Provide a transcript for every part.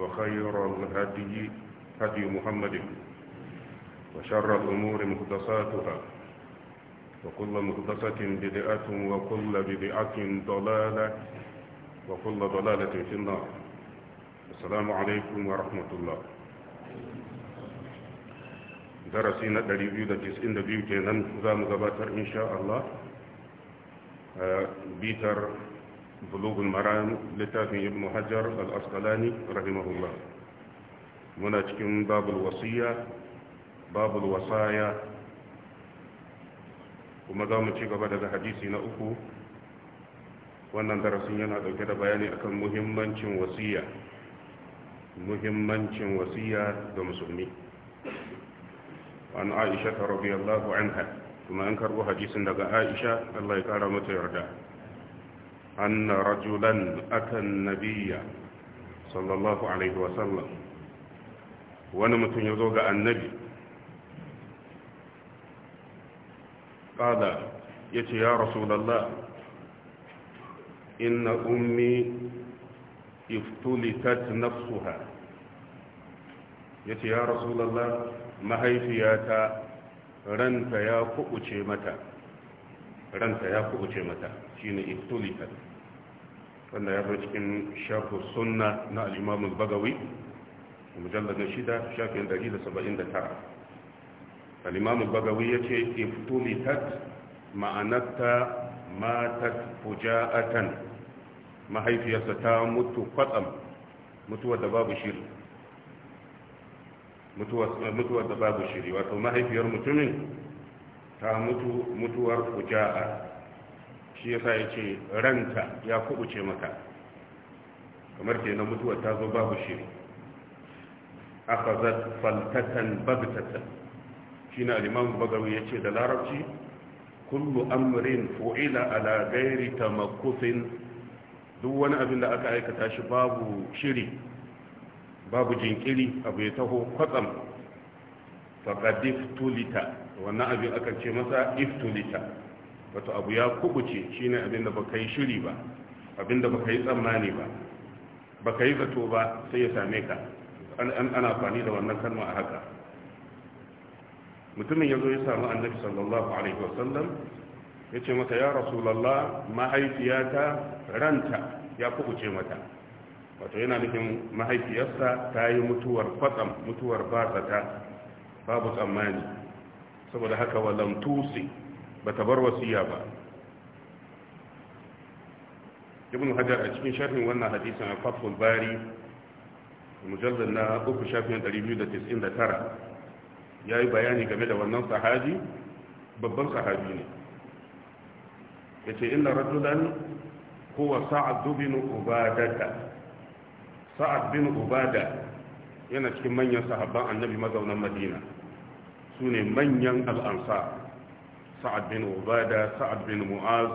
وخير الهدي هدي محمد وشر الأمور مهدساتها وكل مهدسة بدعة وكل بدعة ضلالة وكل ضلالة في النار السلام عليكم ورحمة الله درسنا دريبيو دا تسئن دبيو كينان زام غباتر إن شاء الله آه، بيتر bulugul maram littafin ibn hajar al-asqalani rahimahullah muna cikin babul wasiya babul wasaya kuma za mu ci gaba daga hadisi na uku wannan darasin yana dauke da bayani akan muhimmancin wasiya muhimmancin wasiya ga musulmi an aisha ta rabi allahu anha kuma an karbo hadisin daga aisha allah ya kara mata yarda أن رجلا أتى النبي صلى الله عليه وسلم ونمت يزوج النبي قال يتي يا رسول الله إن أمي افتلتت نفسها يتي يا رسول الله ما هي فياتا رنت يا فؤتي متى ranta ya kubuce mata shine iftulitat wanda ya zo cikin shafi sunna na al-imam al-bagawi mujallad na shida shafin 179 da tara. al-bagawi yace iftulitat ma'anarta matat fuja'atan mahaifiyarsa ta mutu kwatsam mutuwar da babu shiri mutuwa eh, da babu shiri wato mahaifiyar mutumin ta mutu mutuwar fuja'a shi yasa ya ce ranta ya kubuce maka kamar ke na mutuwa ta zo babu shiri akhazat faltatan babtatan shi na liman bagaru ya ce da larabci kullu amrin fu'ila ala ta makufin duk wani abin da aka aikata shi babu shiri babu jinkiri abu ya taho kwatsam faƙadif tulita wannan abin aka ce masa iftulita wato abu ya kubuce shine abin da baka yi shiri ba Abinda da yi tsammani ba baka yi zato ba sai ya same ka ana amfani da wannan kalma a haka mutumin ya zo ya samu annabi sallallahu alaihi wasallam ya ce mata ya rasulallah mahaifiyata ranta ya kubuce mata wato yana nufin mahaifiyarsa ta yi mutuwar kwatsam mutuwar bazata babu tsammani saboda haka walam tusi bata bar wasiya ba ibn hajar a cikin sharhin wannan hadisin a fathul bari mujallar na uku shafin ya yi bayani game da wannan sahabi babban sahabi ne ya ce inda rajulan kowa sa'ad bin ubadata sa'ad bin ubada yana cikin manyan sahabban annabi mazaunan madina su ne manyan al'ansa sa'ad bin ubada sa'ad bin mu'az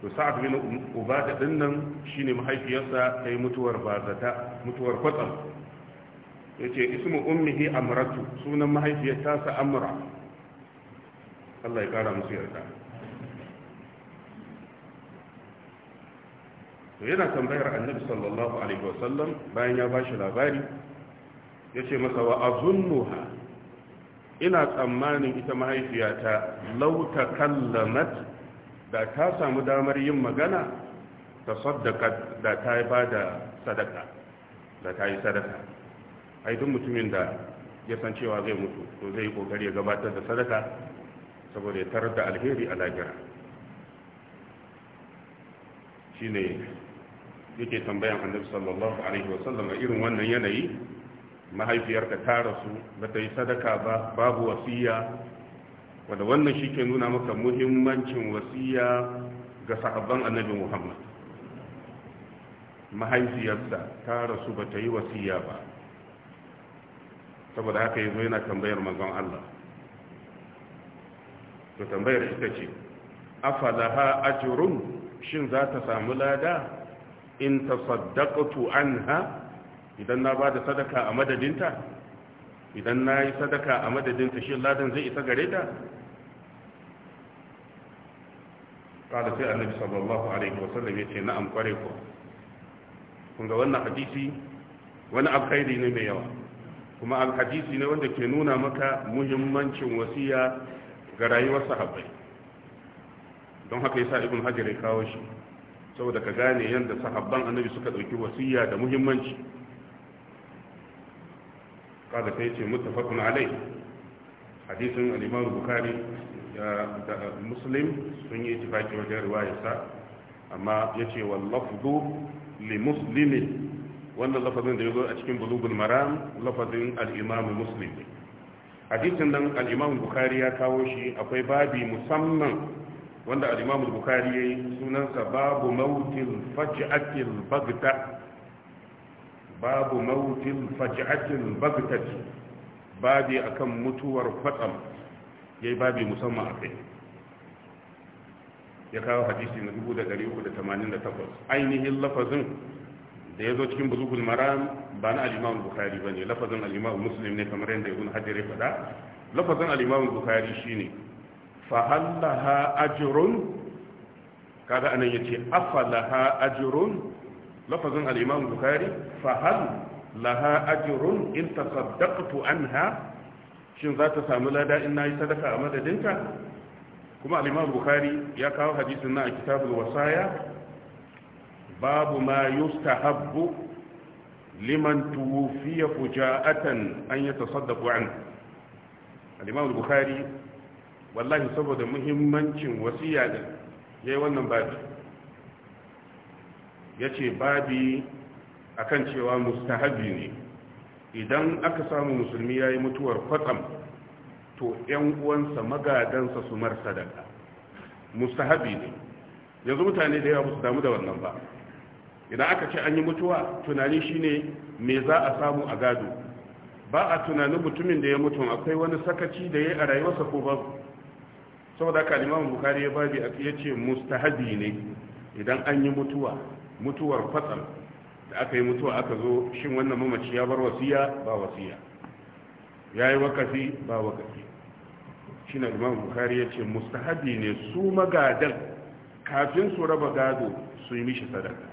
to sa'ad bin ubada din nan shine mahaifiyarsa ta yi mutuwar bazata mutuwar kwatsam yace ismu ummihi amratu sunan mahaifiyar tasa amra Allah ya kara musu yarda to yana tambayar annabi sallallahu alaihi wasallam bayan ya bashi labari yace masa wa azunnuha ina tsammanin ita mahaifiyata lauta kallamat da ta samu damar yin magana ta sadaka da ta yi ba da sadaka da ta yi sadaka haidun mutumin da ya san cewa zai mutu to zai yi kokari ya gabatar da sadaka saboda ya tarar da alheri a lagira shi ne yake tambayan annabi sallallahu alaihi wasallam a irin wannan yanayi mahaifiyarka ta rasu ba ta yi sadaka ba babu wasiya wanda wannan shi ke nuna maka muhimmancin wasiya ga sahabban annabi muhammad mahaifiyarsa ta rasu ba ta yi wasiya ba saboda haka yanzu yana tambayar manzon allah to tambayar ita ce afalaha jirun shin za ta samu lada in ta tu'an anha idan na ba da sadaka a madadinta idan na yi sadaka a madadinta shi ladan zai isa gare ta ƙada sai annabi sallallahu alaihi wasallam ya ce na'am kware ku kun ga wannan hadisi wani alkhairi ne mai yawa kuma alhadisi ne wanda ke nuna maka muhimmancin wasiya ga rayuwar sahabbai don haka yasa ibn hajar ya kawo shi saboda ka gane yadda sahabban annabi suka ɗauki wasiya da muhimmanci kada sai ce muttafaqun alai hadisin al-imam bukhari da musulun sun yi tafaki wajen sa amma yace wal lafdu li muslimin Wanda lafazin da ya zo a cikin bulugul maram lafazin al'imam musulun. hadisin nan al'imam bukari ya kawo shi akwai babi musamman wanda al'imam bukari ya yi sunansa babu mautin faji'atil bagta babu mautin faj'atin bagtati babi akan mutuwar kwatsam yayi babi musamman a kai ya kawo hadisi na 1388 ainihin lafazin da ya zo cikin buzugul maram ba na alimawun imam bukhari bane lafazin al-imam muslim ne kamar yadda ibn hajar ya faɗa lafazin alimawun imam shi ne. fa hal laha ajrun kaga anan yace afalaha ajrun lafazin al-imam bukhari fa hal laha ajrun in tasaddaqtu anha shin za ta samu lada in na yi sadaka a madadinta kuma al bukhari ya kawo hadisin na a kitabul wasaya babu ma habbu liman tuwfiya fuja'atan an yatasaddaqu anhu al-imam bukhari wallahi saboda muhimmancin wasiya ya yayi wannan babu yace babi akan cewa mustahabi ne idan aka samu musulmi yayi mutuwar kwatsam to yan uwansa magadansa su mar sadaka mustahabi ne yanzu mutane da yawa su damu da wannan ba idan aka ce an yi mutuwa tunani shine me za a samu a gado ba a tunanin mutumin da ya mutu akwai wani sakaci da ya a rayuwarsa ko ba? saboda haka limamin bukari ya babi a ce mustahabi ne idan an yi mutuwa mutuwar kwatsam da aka yi mutuwa aka zo shin wannan mamaci ya bar wasiya ba wasiya ya yi wakafi ba wakafi shi na imam bukari ya ce mustahabi ne su magadan kafin su raba gado su yi mishi sadaka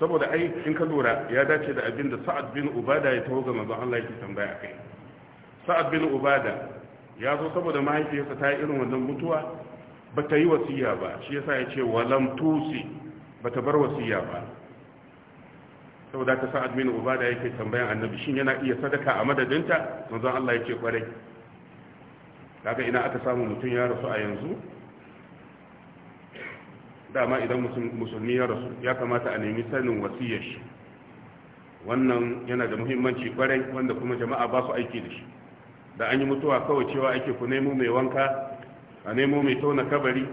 saboda ai in ka lura ya dace da abin da sa'ad bin ubada ya taho ga manzon Allah yake tambaya kai sa'ad bin ubada ya zo saboda mahaifiyarsa ta yi irin wannan mutuwa ba ta yi wasiya ba shi yasa ya ce walam tusi bata bar wasiya ba saboda ta sa'ad uba ubada yake tambayan annabi shin yana iya sadaka a madadinta manzon Allah yake kwarai kaga ina aka samu mutum ya rasu a yanzu dama idan musulmi ya rasu ya kamata a nemi sanin wasiyar shi wannan yana da muhimmanci kwarai wanda kuma jama'a ba su aiki da shi da an yi mutuwa kawai cewa ake ku nemo mai wanka a nemo mai tauna kabari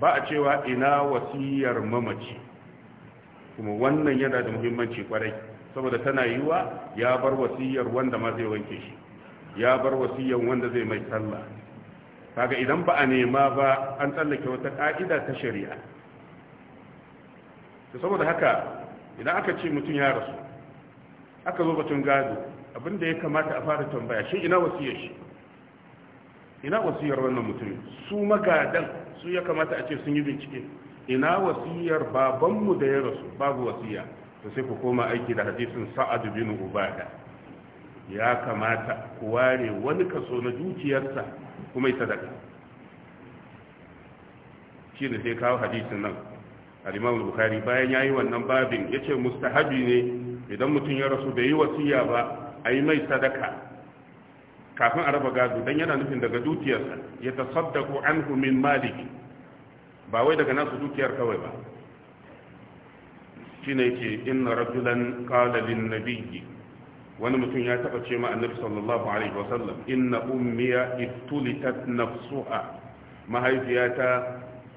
ba a cewa ina wasiyar mamaci kuma wannan yana da muhimmanci kwarai saboda tana yiwa ya bar wasiyar wanda ma zai wanke shi ya bar wasiyar wanda zai mai sallah kaga idan ba a nema ba an tsallake wata ka'ida ta shari'a to saboda haka idan aka ce mutum ya rasu aka zo batun gado abinda ya kamata a fara tambaya shi ina wasiyar shi ina wasiyar wannan mutum su magadan su ya kamata a ce sun yi bincike ina wasiyar babanmu da ya rasu babu wasiya Ta sai ku koma aiki da hadisin sa'ad bin ubada ya kamata ku ware wani kaso na dukiyarsa kuma yi sadaka shi ne sai kawo hadisin nan al-imam bukhari bayan yayi wannan babin ya yace mustahabi ne idan mutum ya rasu bai yi wasiya ba a yi mai sadaka kafin a raba gado dan yana nufin daga dukiyarsa ya tasaddaqu anhu min maliki ba wai daga nasu dukiyar kawai ba shine yake ina rajulan qala nabiyyi wani mutum ya taba ce ma annabi sallallahu alaihi wasallam inna ummiya iftulitat nafsuha mahaifiyata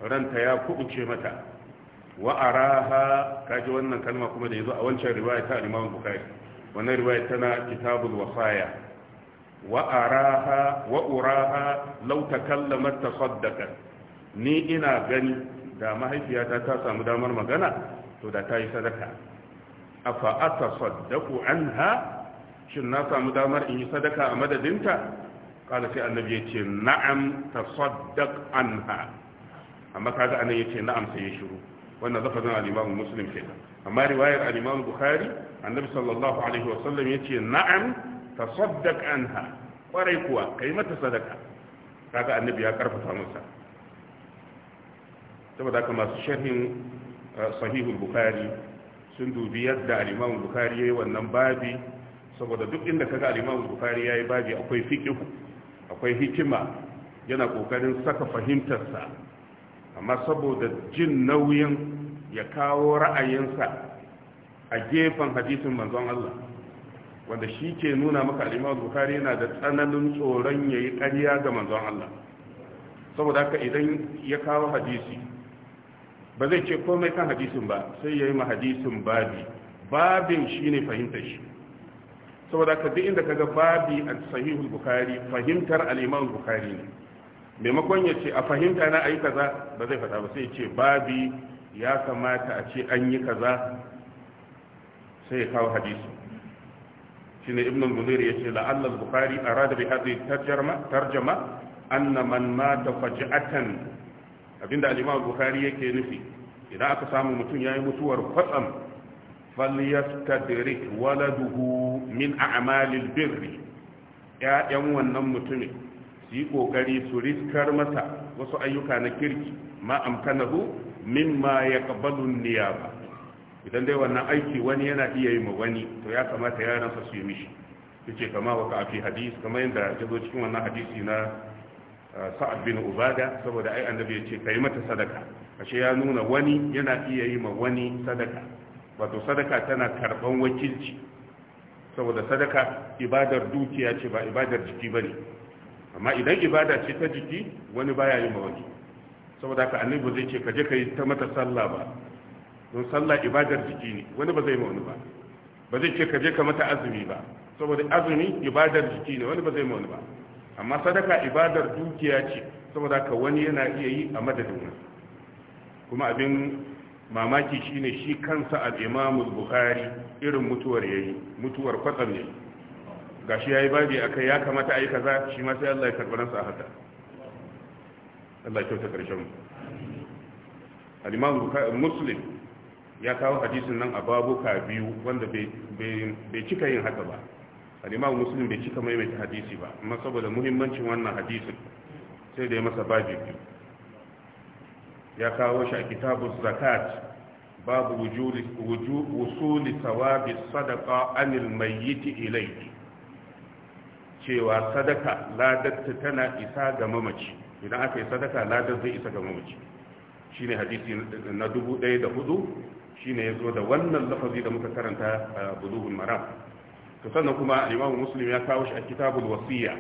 ranta ya kubuce mata wa araha kaji wannan kalma kuma da yazo a wancan riwaya ta Imam Bukhari wannan riwaya tana kitabul wasaya lau ta law ta tasaddaqa ni ina gani da mahaifiyata ta samu damar magana to da ta yi sadaka afa atasaddaqu anha shin na samu damar in yi sadaka a madadinta kala sai annabi ya ce na'am ta tasaddaq anha amma kaga anan ce na'am sai ya shiru wannan lafazin zan imam Muslim kenan amma riwayar al buhari annabi sallallahu alaihi wasallam ce na'am tasaddaq anha kwarai kuwa yi mata sadaka kaga annabi ya karfafa masa saboda haka masu sharhin eh, sahihul Buhari sun dubi yadda al-imam ya yayi wannan babi saboda duk inda kaga al-imam ya yayi babi akwai fiqh akwai hikima yana kokarin saka fahimtarsa amma saboda jin nauyin ya kawo ra'ayinsa a gefen hadisin manzon Allah wanda shi ke nuna maka al'imam bukari yana da tsananin tsoron ya yi ƙariya ga manzon Allah saboda haka idan ya kawo hadisi ba zai ce komai kan hadisin ba sai ya yi ma hadisin babi babin shi ne fahimtar shi saboda haka duk inda ka ga babi a sahihul bukari fahimtar al'imam bukari ne maimakon ya ce a fahimta na ayi kaza ba zai faɗa ba sai ce babi ya kamata a ce an yi kaza sai ya kawo hadisi shine ibn al-munir yace la'alla al-bukhari arada bi hadhihi tarjama tarjama anna man mata faj'atan abinda al-imam bukhari yake nufi idan aka samu mutum yayi mutuwar kwatsam falyastadrik waladuhu min a'malil birri ya'yan wannan mutumin su yi kokari su riskar masa wasu ayyuka na kirki ma amkanahu mimma yaqbalu niyaba idan dai wannan aiki wani yana iya yi ma wani to ya kamata yaransa su yi mishi yace kama wa ka fi hadisi kama yadda ya zo cikin wannan hadisi na sa'ad bin ubada saboda ai annabi yace kai mata sadaka ashe ya nuna wani yana iya yi ma wani sadaka wato sadaka tana karban wakilci saboda sadaka ibadar dukiya ce ba ibadar jiki bane amma idan ibada ce ta jiki wani baya yi ma wani saboda ka annabi zai ce ka je kai ta mata sallah ba don sallah ibadar jiki ne wani ba zai ma wani ba ba zai ce ka je ka mata azumi ba saboda azumi ibadar jiki ne wani ba zai ma wani ba amma sadaka ibadar dukiya ce saboda ka wani yana iya yi a madadin wani kuma abin mamaki shine shi kansa al-Imam al-Bukhari irin mutuwar yayi mutuwar kwatsam ne gashi yayi babi akai ya kamata ayi kaza shi ma sai Allah ya karbar sa haka Allah ya kyauta karshen mu al-Imam Bukhari Muslim ya kawo hadisin nan a babuka biyu wanda bai cika yin haka ba al'imamu musulun bai cika maimaita hadisi ba amma saboda muhimmancin wannan hadisin sai da ya masa babi biyu ya kawo shi a kitabu zakat babu wujuli tawabi sadaka anil Yiti ilayhi cewa sadaka ladatta tana isa ga mamaci idan aka yi sadaka ladar zai isa ga mamaci Shi ne hadisi na dubu da hudu. shine yazo da wannan lafazi da muka karanta a bulughul maram to sannan kuma al-Imam Muslim ya kawo shi a kitabul wasiya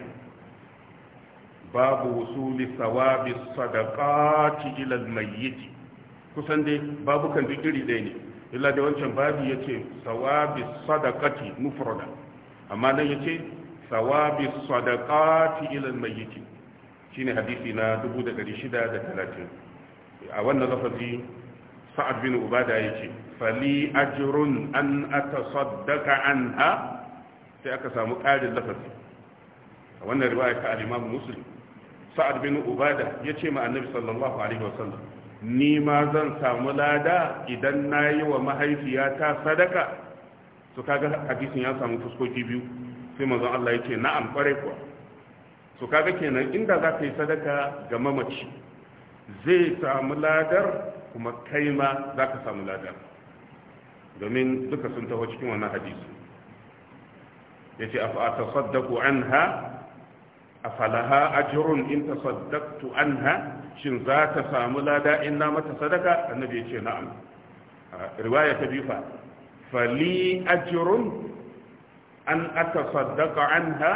babu wusuli thawabi sadaqati ila al-mayyit kusan dai babu kan duk iri dai ne illa da wancan babu yace thawabi sadaqati mufrada amma nan yace thawabi sadaqati ila al-mayyit shine hadisi na 1630 a wannan lafazi sa'ad bin ubada ce, fali ajrun an an ha? sai aka samu ƙarin lafafi a wannan riwaya ta al-Imam Muslim Sa'ad bin Ubada ce ma Annabi sallallahu alaihi wasallam ni ma zan samu lada idan na yi wa mahaifiyata sadaka to kaga hadisin ya samu fuskoki biyu sai mazan Allah yace na'am kware kuwa to kaga kenan inda za ka yi sadaka ga mamaci zai samu ladar kuma kai ma za ka samu lada domin duka sun taho cikin wannan hadisi ya ce a tasaddaku an ha a falaha ajirun in ta tasaddaktu an ha shin za ta samu lada in na mata sadaka annabi ya ce na'am riwaya ta bifa fali ajirun an atasaddaka an ha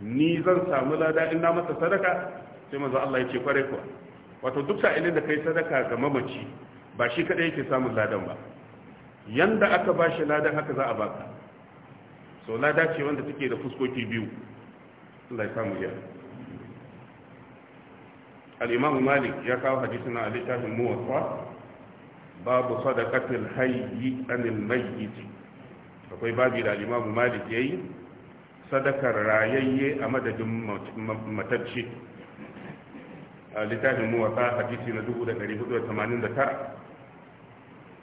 ni zan samu lada in na mata sadaka sai manzo Allah ya ce kware kuwa wato duk sa'ilin da kai sadaka ga mamaci ba shi kada yake samun ladan ba yanda aka ba shi ladan haka za a baka so lada ce wanda take da fuskoki biyu Allah ya samu ya al-Imam Malik ya kawo hadisin a littafin Muwatta babu sadaqatil hayyi anil mayyit akwai babu da al-Imam Malik yayi sadakar rayayye a madadin matacce littafin muwasa hadisi na 1489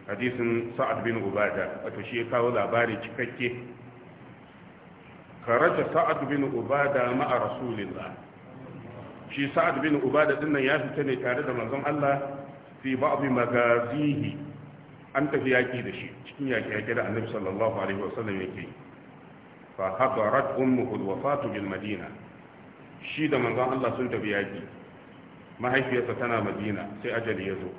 hadisin sa'ad bin ubada wato shi ya kawo labari cikakke karaja sa'ad bin ubada ma'a rasulillah shi sa'ad bin ubada din nan ya fita ne tare da manzon Allah fi ba'd magazihi an tafi yaki da shi cikin yaki yaki da annabi sallallahu alaihi wasallam yake fa hadarat ummuhu alwafatu bil madina shi da manzon Allah sun tafi yaki mahaifiyarsa tana madina sai ajali ya zo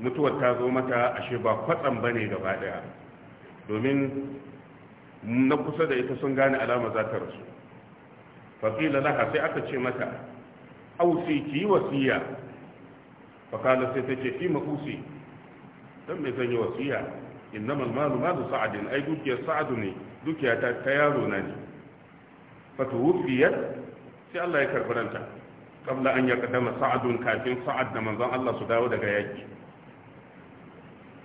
mutuwar ta zo mata ashe ba kwatsam ba ne gaba daya domin na kusa da ita sun gane alama za ta rasu faƙila laha sai aka ce mata ausi ki yi wasiya faƙala sai ta ce fi ma'usi don mai zan yi wasiya innama malu malu sa'adin ai dukiyar sa'adu ne dukiya ta yaro na ne fata wufiyar sai allah ya karɓi ranta qabla an yaqdama sa'adun kafin sa'ad da manzon Allah su dawo daga yaki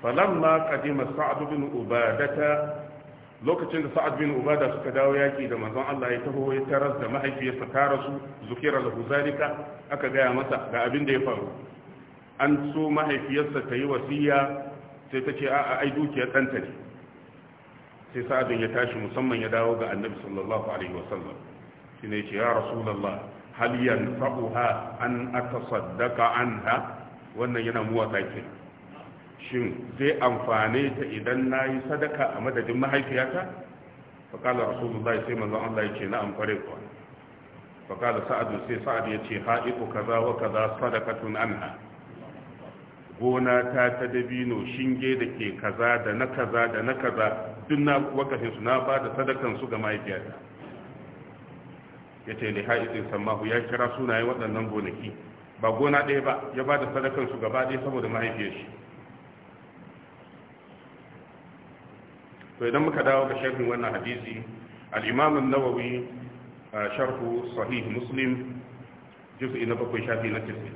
falamma qadima sa'ad bin ubadata lokacin da sa'ad bin ubada suka dawo yaki da manzon Allah ya taho ya taras da mahaifiyarsa ta rasu zukira lahu zalika aka gaya masa ga abin da ya faru an so mahaifiyarsa ta yi wasiya sai ta ce a'a ai dukiyar ɗanta ne sai sa'adun ya tashi musamman ya dawo ga annabi sallallahu alaihi wasallam ya ce ya rasulallah hal yanfa'uha an atasaddaqa anha wannan yana muwaka shin zai amfane ta idan nayi sadaka a madadin mahaifiyata fa kala rasulullahi sai manzo Allah yace na amfare ko fa kala sa'ad sai sa'ad yace ha'iqu kaza wa kaza sadaqatun anha gona ta ta dabino shinge da ke kaza da na kaza da na kaza duk na wakafin su na ba da sadakan su ga mahaifiyata ya ce lihaitin sammahu ya kira sunaye waɗannan gonaki ba gona ɗaya ba ya ba da sadakansu gaba ɗaya saboda mahaifiyar shi to idan muka dawo ga sharhin wannan hadisi al-imam an-nawawi sharhu sahih muslim juz'i na bakwai shafi na tisi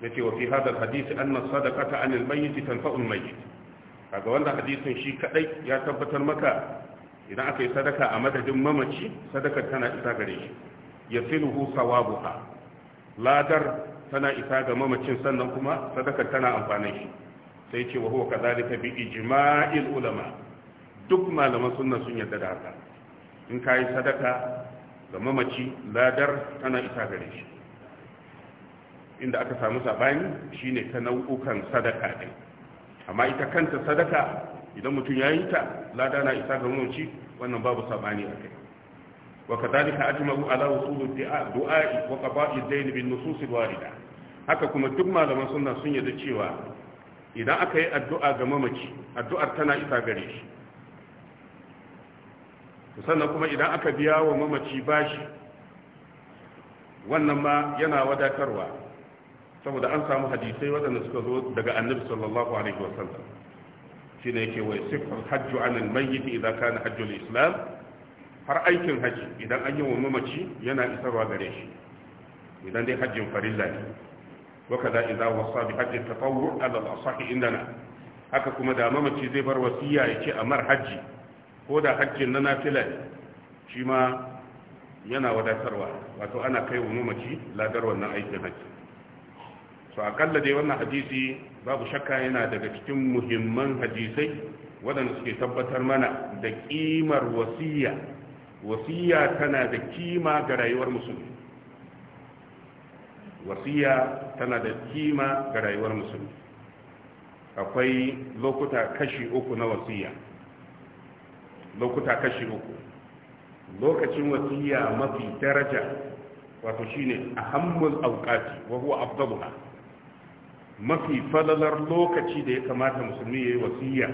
yace wa fi hadha al-hadith anna sadaqata 'an al-mayyit tanfa'u al kaga wannan hadisin shi kadai ya tabbatar maka idan aka yi sadaka a madadin mamaci sadaka tana isa gare shi ya siluhu sawabuha ladar tana isa ga mamacin sannan kuma sadakar tana amfanin shi sai ce wa huwa kadhalika bi ijma'il ulama duk malaman sunna sun yarda da haka in kai sadaka ga mamaci ladar tana isa gare shi inda aka samu sabani shine ta nau'ukan sadaka din amma ita kanta sadaka idan mutum ya yi ta lada na isa ga mamaci wannan babu sabani a kai wa kadhalika ajma'u ala usul du'a wa qada'i dayn bin nusus warida haka kuma duk malaman sunna sun yarda cewa idan aka yi addu'a ga mamaci addu'ar tana isa gare shi sannan kuma idan aka biya wa mamaci bashi wannan ma yana wadatarwa saboda an samu hadisai waɗanda suka zo daga annabi sallallahu alaihi wasallam shine yake wai sifar hajju anil mayyit idza kana hajjul islam har aikin haji idan an yi wa mamaci yana isarwa gare shi idan dai hajjin farilla ne wa kaza idza wasa bi hajji tatawwu ala al-asah indana haka kuma da mamaci zai bar wasiya yake a mar haji ko da hajjin na nafila ne shi ma yana wadatarwa wato ana kai wa mamaci ladar wannan aikin haji so akalla dai wannan hadisi babu shakka yana daga cikin muhimman hadisai waɗanda suke tabbatar mana da ƙimar wasiya wasiya tana da kima ga rayuwar musulmi wasiya tana da kima ga rayuwar musulmi akwai lokuta kashi uku na wasiya lokuta kashi uku lokacin wasiya mafi daraja wato shine ahammul auqati wa huwa afdaluha mafi falalar lokaci da ya kamata musulmi ya yi wasiya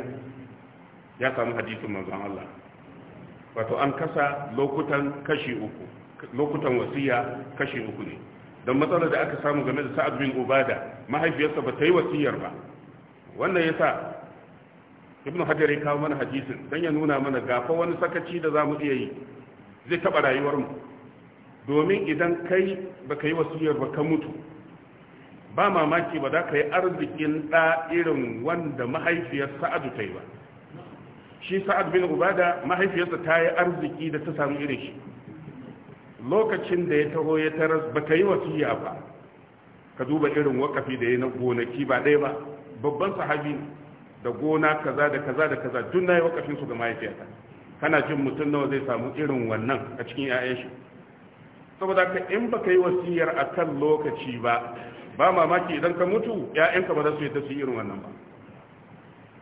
ya samu hadisin manzan Allah wato an kasa lokutan kashi uku lokutan wasiya kashi uku ne don matsalar da aka samu game da sa'ad bin ubada mahaifiyarsa ba ta yi wasiyar ba wannan yasa ibnu hajar ya kawo mana hadisin don ya nuna mana gafa wani sakaci da za mu iya yi zai taɓa mu domin idan kai ba ka yi wasiyar ba ka mutu ba mamaki ba za ka yi arzikin ɗa irin wanda mahaifiyar sa'adu ta yi ba shi sa'ad bin ubada mahaifiyarsa ta yi arziki da ta samu irin shi lokacin da ya taho ya taras ba ta yi wasiya ba ka duba irin wakafi da ya na gonaki ba ɗaya ba babban sahabi da gona kaza da kaza da kaza duk na yi wakafin su ga mahaifiyarsa kana jin mutum nawa zai samu irin wannan a cikin 'ya'yan shi saboda ka in ba ka yi wasiyar a kan lokaci ba ba mamaki idan ka mutu ‘ya'yanka ba za su yi ta irin wannan ba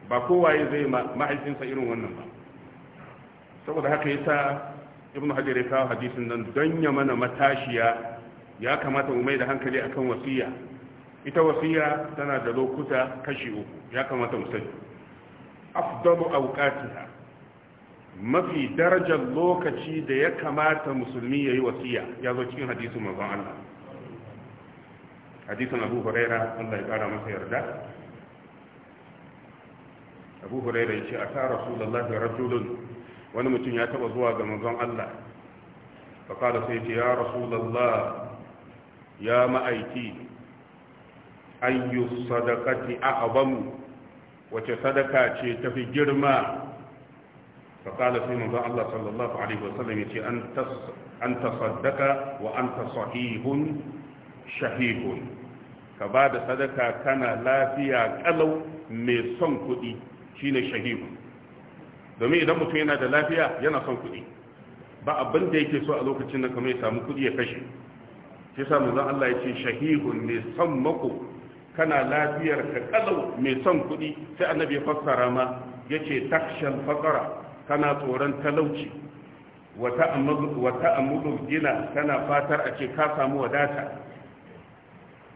ba kowaye zai mahaifinsa irin wannan ba saboda haka ya sa ibn hajjar ya kawo hadisin nan don ya mana matashiya ya kamata mu mai da hankali akan wasiya ita wasiya tana da lokuta kashi uku ya kamata mu sani afdalu awqatiha mafi darajar lokaci da ya kamata musulmi yayi wasiya ya zo cikin hadisin manzon Allah hadisin abu huraira Allah ya kara masa yarda abu huraira ya ce a ta rasulullahi rajulun wani mutum ya taba zuwa ga manzon Allah fa kala sai ce ya rasulullah ya ma'aiki ayyu sadaqati a'zamu wace sadaka ce tafi girma fa kala sai manzon Allah sallallahu alaihi ya ce an wa anta shahihun ka ba da sadaka kana lafiya kalau mai son kuɗi shine shahihun domin idan mutum yana da lafiya yana son kuɗi ba abin da yake so a lokacin da kamar ya samu kuɗi ya kashe shi sa manzon Allah ya ce shahihun mai son mako kana lafiyar ka kalau mai son kuɗi sai annabi ya fassara ma yace takshal faqara kana tsoron talauci wata ta'ammudu gina kana fatar a ce ka samu wadata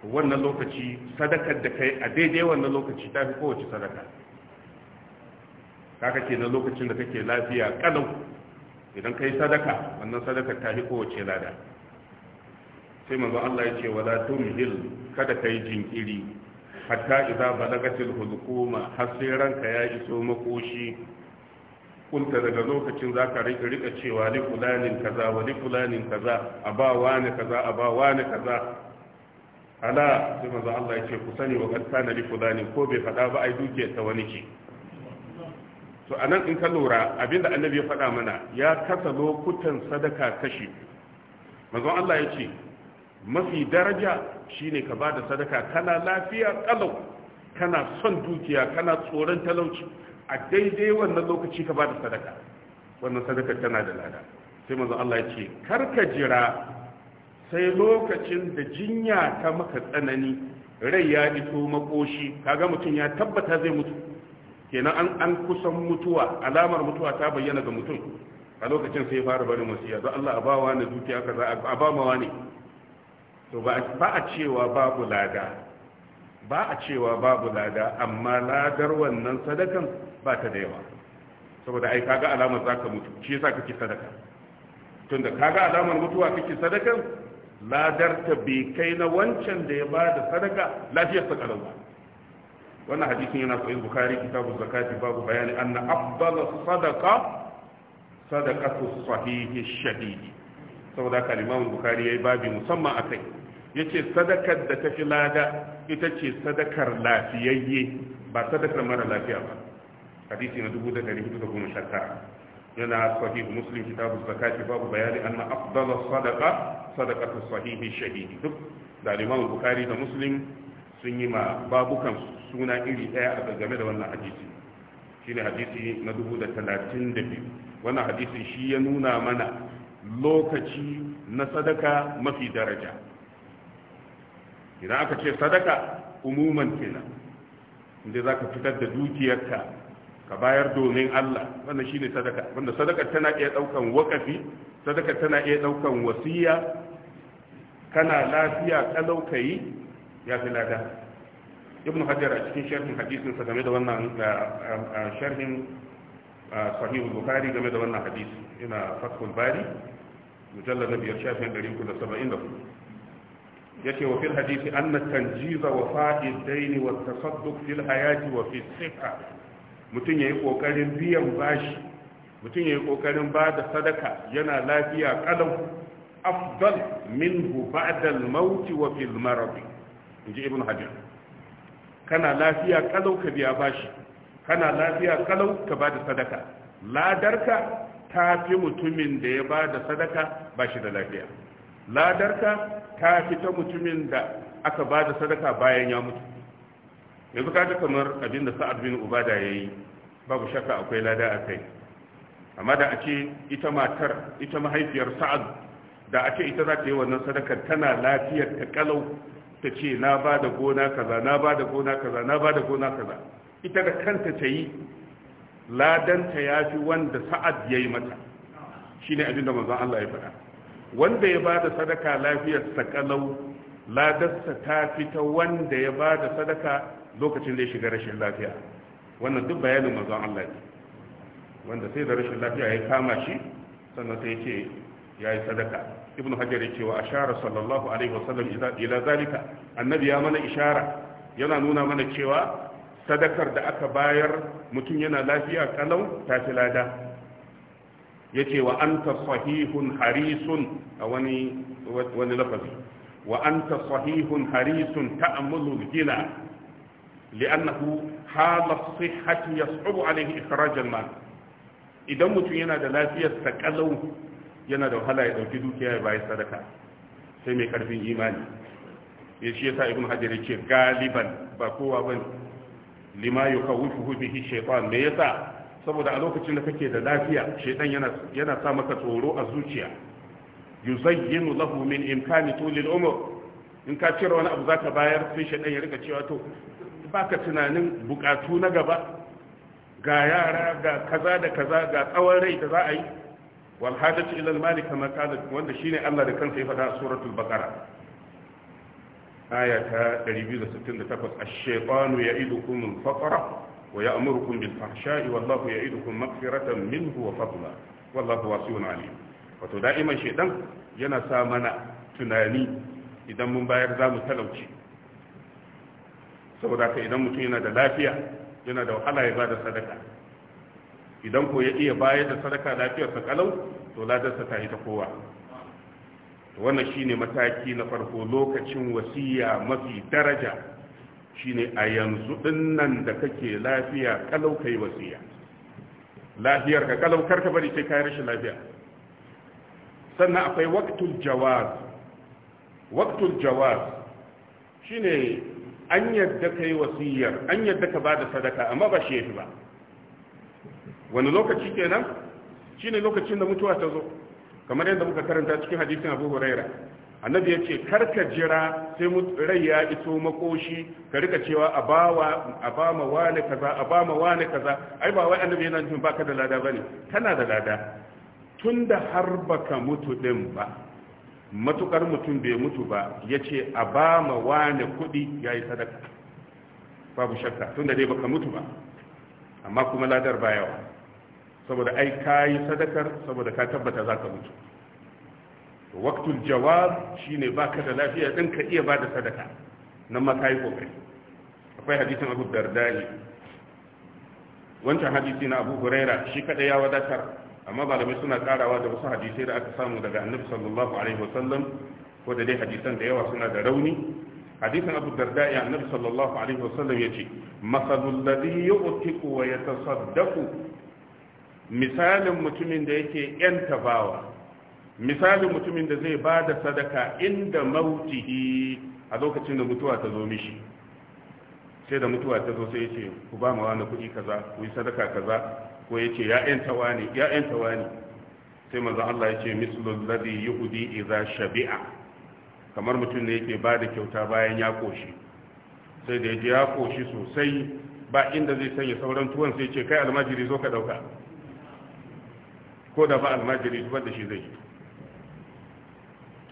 wannan lokaci sadakar da kai a daidai wannan lokaci ta fi kowace sadaka kaka ke na lokacin da kake lafiya kalau idan kai sadaka wannan sadakar ta fi kowace lada sai manzo Allah ya ce wala tumhil kada kai jinkiri hatta idza balagatil hulquma hasiran ka ya iso makoshi kunta daga lokacin za ka rike cewa li fulanin kaza wa li fulanin kaza a ba wani kaza a ba wani kaza ala sai manzo Allah ya ce ku sani wa kan kana liku fulani ko bai fada ba ai duke ta wani ki? to anan in ka lura abinda annabi ya fada mana ya kasa lokutan sadaka kashi manzo Allah ya mafi daraja shine ka bada sadaka kana lafiya kalau kana son dukiya kana tsoron talauci a daidai wannan lokaci ka bada sadaka wannan sadaka tana da lada sai manzo Allah ya ce karka jira sai lokacin da jinya ta maka tsanani rai ya iso makoshi kaga mutum ya tabbata zai mutu kenan an an kusan mutuwa alamar mutuwa ta bayyana ga mutum a lokacin sai ya fara barin wasiya don Allah a bawa na dukiya kaza a ba mawa ne to ba a cewa babu lada ba a cewa babu lada amma ladar wannan sadakan ba ta da yawa saboda ai kaga alamar zaka mutu shi yasa kake sadaka tunda kaga alamar mutuwa kake sadakan ladarta bai kai na wancan da ya ba da sadaka lafiyar ta wannan hadisin yana sahih bukari kitabu zakati babu bayani anna afdala sadaqa sadaqatu sahihi shadidi saboda ka limamin ya yayi babi musamman a Ya ce sadakar da tafi lada ita ce sadakar lafiyayye ba sadakar mara lafiya ba hadisi na 1419 yana sahih muslim kitabu zakati babu bayani anna afdala sadaqa sadaqatu sahihi shahidi duk da imam bukhari da muslim sun yi ma babukan suna iri daya a game da wannan hadisi shine hadisi na biyu wannan hadisi shi ya nuna mana lokaci na sadaka mafi daraja idan aka ce sadaka umuman kenan inda zaka fitar da dukiyarka ka bayar domin Allah wannan shine sadaka wanda sadaka tana iya daukan wakafi sadaka tana iya daukan wasiya kana lafiya ka kai ya fi lada ibnu hajar a cikin sharhin hadisin sa game da wannan sharhin sahih bukhari game da wannan hadisi ina fathul bari mujallad na biyar shafin 374 yace wa fil hadisi anna tanjiza wa fa'id dayn wa tasadduq fil hayati wa fi sihha mutum ya yi ƙoƙarin biyan bashi mutum ya yi ƙoƙarin ba da sadaka yana lafiya ƙalau afdal minhu ba'dal mauti wa fil In inji ibn hajar kana lafiya kalau ka biya bashi kana lafiya kalau ka ba da sadaka ladarka ta fi mutumin da ya ba da sadaka bashi da lafiya ladarka ta fi ta mutumin da aka ba da sadaka bayan ya mutu yanzu kaga kamar abin da sa'ad bin ubada yi, babu shaka akwai lada a kai amma da a ce ita matar ita mahaifiyar sa'ad da a ce ita za ta yi wannan sadakar tana lafiyar ta kalau ta ce na ba da gona kaza na ba da gona kaza na ba da gona kaza ita da kanta ta yi ladanta ya fi wanda sa'ad ya yi mata shi ne abinda manzon Allah ya faɗa wanda ya ba da sadaka lafiyar kalau ladarsa ta fita wanda ya ba da sadaka lokacin da ya shiga rashin lafiya wannan duk bayanin manzon Allah ne wanda sai da rashin lafiya ya kama shi sannan sai ce ya yi sadaka Ibn hajar ya ce wa ashara sallallahu alaihi wasallam ila zalika annabi ya mana ishara yana nuna mana cewa sadakar da aka bayar mutum yana lafiya kalau ta fi lada ya ce wa anta sahihun harisun a wani wani lafazi wa anta sahihun harisun ta'ammulul gina li'annahu hala sihhati yas'ubu alaihi ikhraj al-mal idan mutum yana da lafiyar sa kalau yana da wahala ya dauki dukiya ya baya sadaka sai mai karfin imani ya shi yasa ibnu hajar yace galiban ba kowa bane lima yukawifuhu bihi shaytan me yasa saboda a lokacin da kake da lafiya shaytan yana yana sa maka tsoro a zuciya yuzayyinu lahu min imkani tulil umr in ka cire wani abu zaka bayar sai shaytan ya rika cewa to baka tunanin bukatu na gaba ga yara ga kaza da kaza ga tsawon rai da za a yi wal hajatu ila al-mali kama qala wanda shine Allah da kansa ya faɗa a suratul baqara aya ta 268 ash-shaytanu ya'idukum al-faqra wa ya'murukum bil fahsha'i wallahu ya'idukum maghfiratan minhu wa fadla wallahu wasi'un 'alim wato da'iman shaytan yana sa mana tunani idan mun bayar za mu talauci saboda ka idan mutum yana da lafiya yana da wahala ya bada sadaka idan ko ya iya bayar da sadaka lafiyarsa kalau to ladarsa ta yi ta kowa to wannan shine mataki na farko lokacin wasiya mafi daraja shine a yanzu dinnan da kake lafiya kalau kai wasiya lafiyar ka kalau kar bari sai kai rashin lafiya sannan akwai waqtul jawaz waqtul jawaz shine an yadda ka yi wasiyar an yadda ka ba da sadaka amma ba shi yafi ba wani lokaci kenan ne lokacin da mutuwa ta zo kamar yadda muka karanta cikin hadisin abu huraira annabi ya ce karka jira sai rai ya iso makoshi ka rika cewa a ba a kaza a ma wani kaza ai ba wai annabi yana nufin baka da lada bane kana da lada tunda har baka mutu din ba matukar mutum bai mutu ba ya ce a ba ma wane kuɗi ya yi sadaka babu shakka tun da dai baka mutu ba amma kuma ladar ba yawa saboda ai ka yi sadakar saboda ka tabbata za ka mutu waktul jawab shi ne ba ka da lafiya ɗin ka iya ba da sadaka nan ma ka yi kokari akwai hadisin Abu dardari wancan hadisi na Abu Huraira shi kaɗai ya wadatar amma malamai suna karawa da wasu hadisai da aka samu daga annabi sallallahu alaihi wasallam ko da dai hadisan da yawa suna da rauni hadisan abu darda ya annabi sallallahu alaihi wasallam ya ce masalul ladhi yu'tiku wa yatasaddaqu misalin mutumin da yake yanta bawa misalin mutumin da zai ba da sadaka inda mautihi a lokacin da mutuwa ta zo mishi sai da mutuwa ta zo sai ya ce ku ba ma wani kuɗi kaza ku yi sadaka kaza ko ya ce ya'yan tawani ya'yan sai maza Allah ya ce mislul ladhi yuhdi idza shabi'a kamar mutum ne yake ba da kyauta bayan ya koshi sai da yaji ya koshi sosai ba inda zai sanya sauran tuwon sai ce kai almajiri zo ka dauka ko da ba almajiri zubar da shi zai yi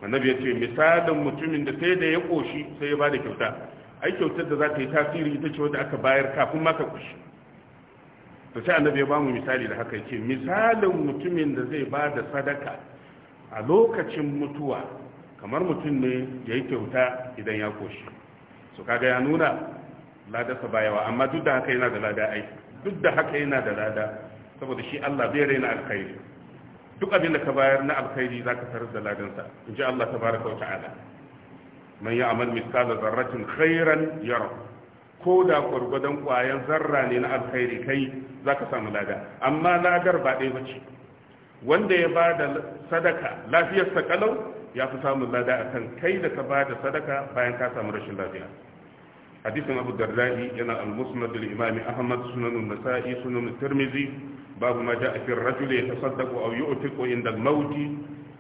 annabi ya ce misalin mutumin da sai da ya koshi sai ya ba da kyauta ai kyautar da za ta yi tasiri ita ce wanda aka bayar kafin maka koshi to sai annabi ya ba mu misali da haka yake misalin mutumin da zai ba da sadaka a lokacin mutuwa kamar mutum ne da ya kyauta idan ya koshi su kaga ya nuna ladarsa bayawa amma duk da haka yana da lada ai duk da haka yana da lada saboda shi Allah bai raina alkhairi duk abin da ka bayar na alkhairi zaka tarar da ladansa in ji Allah tabaraka wa ta'ala man ya'mal mithqala dharratin khairan yara ko da gwargwadon kwayan zarra ne na alkhairi kai za ka samu lada amma ladar ba ɗaya ba wanda ya ba da sadaka lafiyarsa kalau ya fi samun lada akan kai da ka ba da sadaka bayan ka samu rashin lafiya hadisin abu dardai yana al-musnad al-imam ahmad sunan an-nasa'i sunan tirmizi babu ma ja'a fi ar-rajuli yatasaddaqu aw yu'tiqu inda al-maut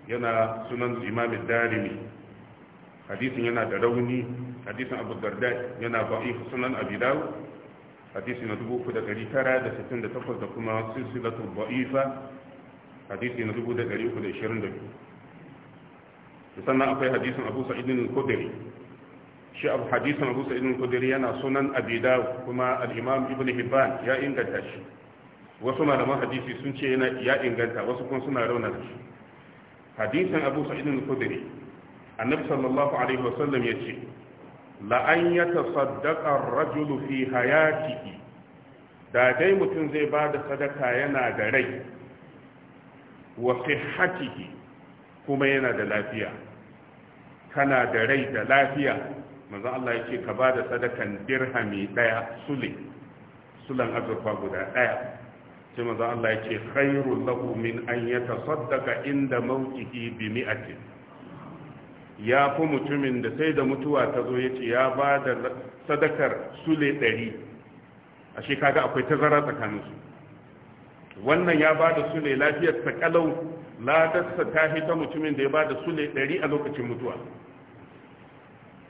yana sunan imam ad-darimi hadisin yana da rauni hadisin abu darda yana ba'if sunan abi dawud hadisi na 3968 da kuma silsilatu ba'ifa hadisi na 1322 sannan akwai hadisin abu sa'idin Kudiri. shi abu hadisin abu sa'idin Kudiri yana sunan abi dawud kuma al-imam ibn hibban ya inganta shi wasu malaman hadisi sun ce ya inganta wasu kuma suna raunata shi hadisin abu sa'idin Kudiri, annabi sallallahu alaihi wasallam ya ce la'an ya tasaddaƙar rajulu fi hayatihi da dai mutum zai ba da sadaka yana da rai wa sihhatihi kuma yana da lafiya kana da rai da lafiya manzo Allah yake ka ba da sadakan dirhami daya sule sulan azurfa guda daya sai manzo Allah yake khairul lahu min an yatasaddaqa inda mawtihi bi mi'atin ya fi mutumin da sai da mutuwa ta zo ya ce ya ba da sadakar sule ɗari a shekaga akwai tazara tsakaninsu wannan ya ba da sule lafiyar ta kalau ladarsa ta hita mutumin da ya ba da sule ɗari a lokacin mutuwa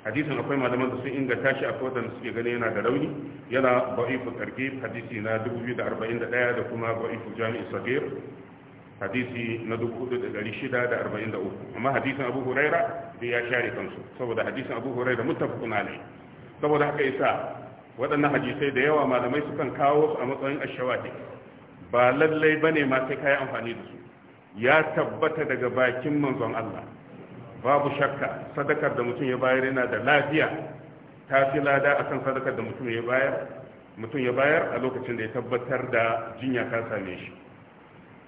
hadisun akwai malaman da sun inganta shi akwai wadanda suke gani yana da rauni yana ba'ifu karfi hadisi na 241 da kuma ba'ifu jami'i sagir hadisi na uku amma hadisin abu huraira da ya share kansu saboda hadisin abu huraira muttafaqun ne saboda haka yasa waɗannan hadisai da yawa malamai sukan kawo su a matsayin ashawahid ba lallai bane ma sai kai amfani da su ya tabbata daga bakin manzon Allah babu shakka sadakar da mutum ya bayar yana da lafiya ta fi lada akan sadakar da mutum ya bayar mutum ya bayar a lokacin da ya tabbatar da jinya ka same shi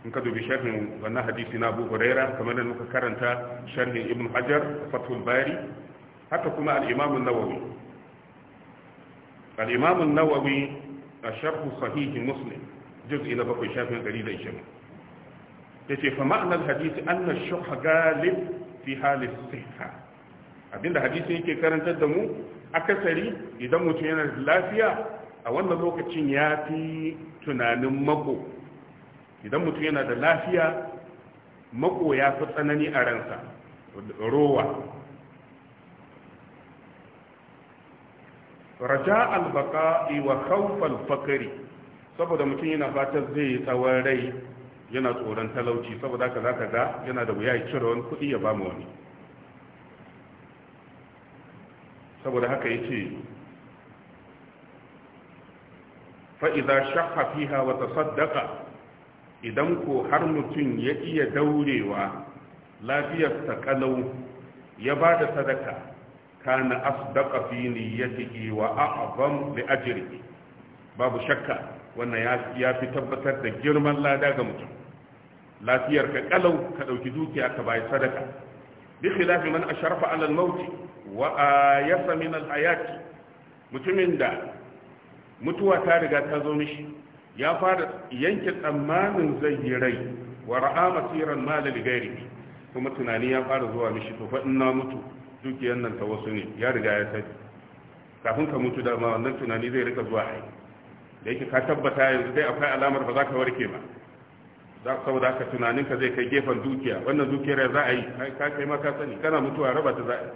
in ka dubi sharhin wannan hadisi na Abu Huraira kamar da muka karanta sharhin Ibn Hajar Fathul Bari haka kuma al-Imam an-Nawawi al-Imam an-Nawawi a sharh sahih Muslim juz'i na 7 shafin 120 yace fa ma'na al-hadith anna ash-shuhha galib fi hal as-sihha abinda hadisi yake karantar da mu akasari idan mutum yana lafiya a wannan lokacin ya fi tunanin mako idan mutum yana da lafiya makoya fi tsanani a ransa rowa raja albaka'i wa khawfal fakari saboda mutum yana fatan zai yi tsawon rai yana tsoron talauci saboda ka za ka ga yana da wuya ya cire wani kuɗi ya ba mu wani saboda haka ya ce fa'iza shakka fiha wata saddaka idan ko har mutum ya iya daurewa ta kalau ya ba da sadaka kana asdaqa fi niyyatihi wa a'zam li ajrihi babu shakka wannan ya fi tabbatar da girman lada ga mutum lafiyar ka kalau ka dauki dukiya ka bai sadaka bi khilafi man asharafa ala al-maut wa ayasa min al-hayat mutumin da mutuwa ta riga ta zo mishi ya fara yanke tsammanin zai yi rai wa ra'a masiran malar gairi kuma tunani ya fara zuwa mishi tofa ina na mutu dukiyar nan ta wasu ne ya riga ya sani kafin ka mutu da wannan tunani zai rika zuwa hai da yake ka tabbata yanzu dai akwai alamar ba za ka warke ba za ka saboda haka tunaninka zai kai gefen dukiya wannan dukiyar za a yi ka kai ma ka sani kana mutuwa raba ta za a yi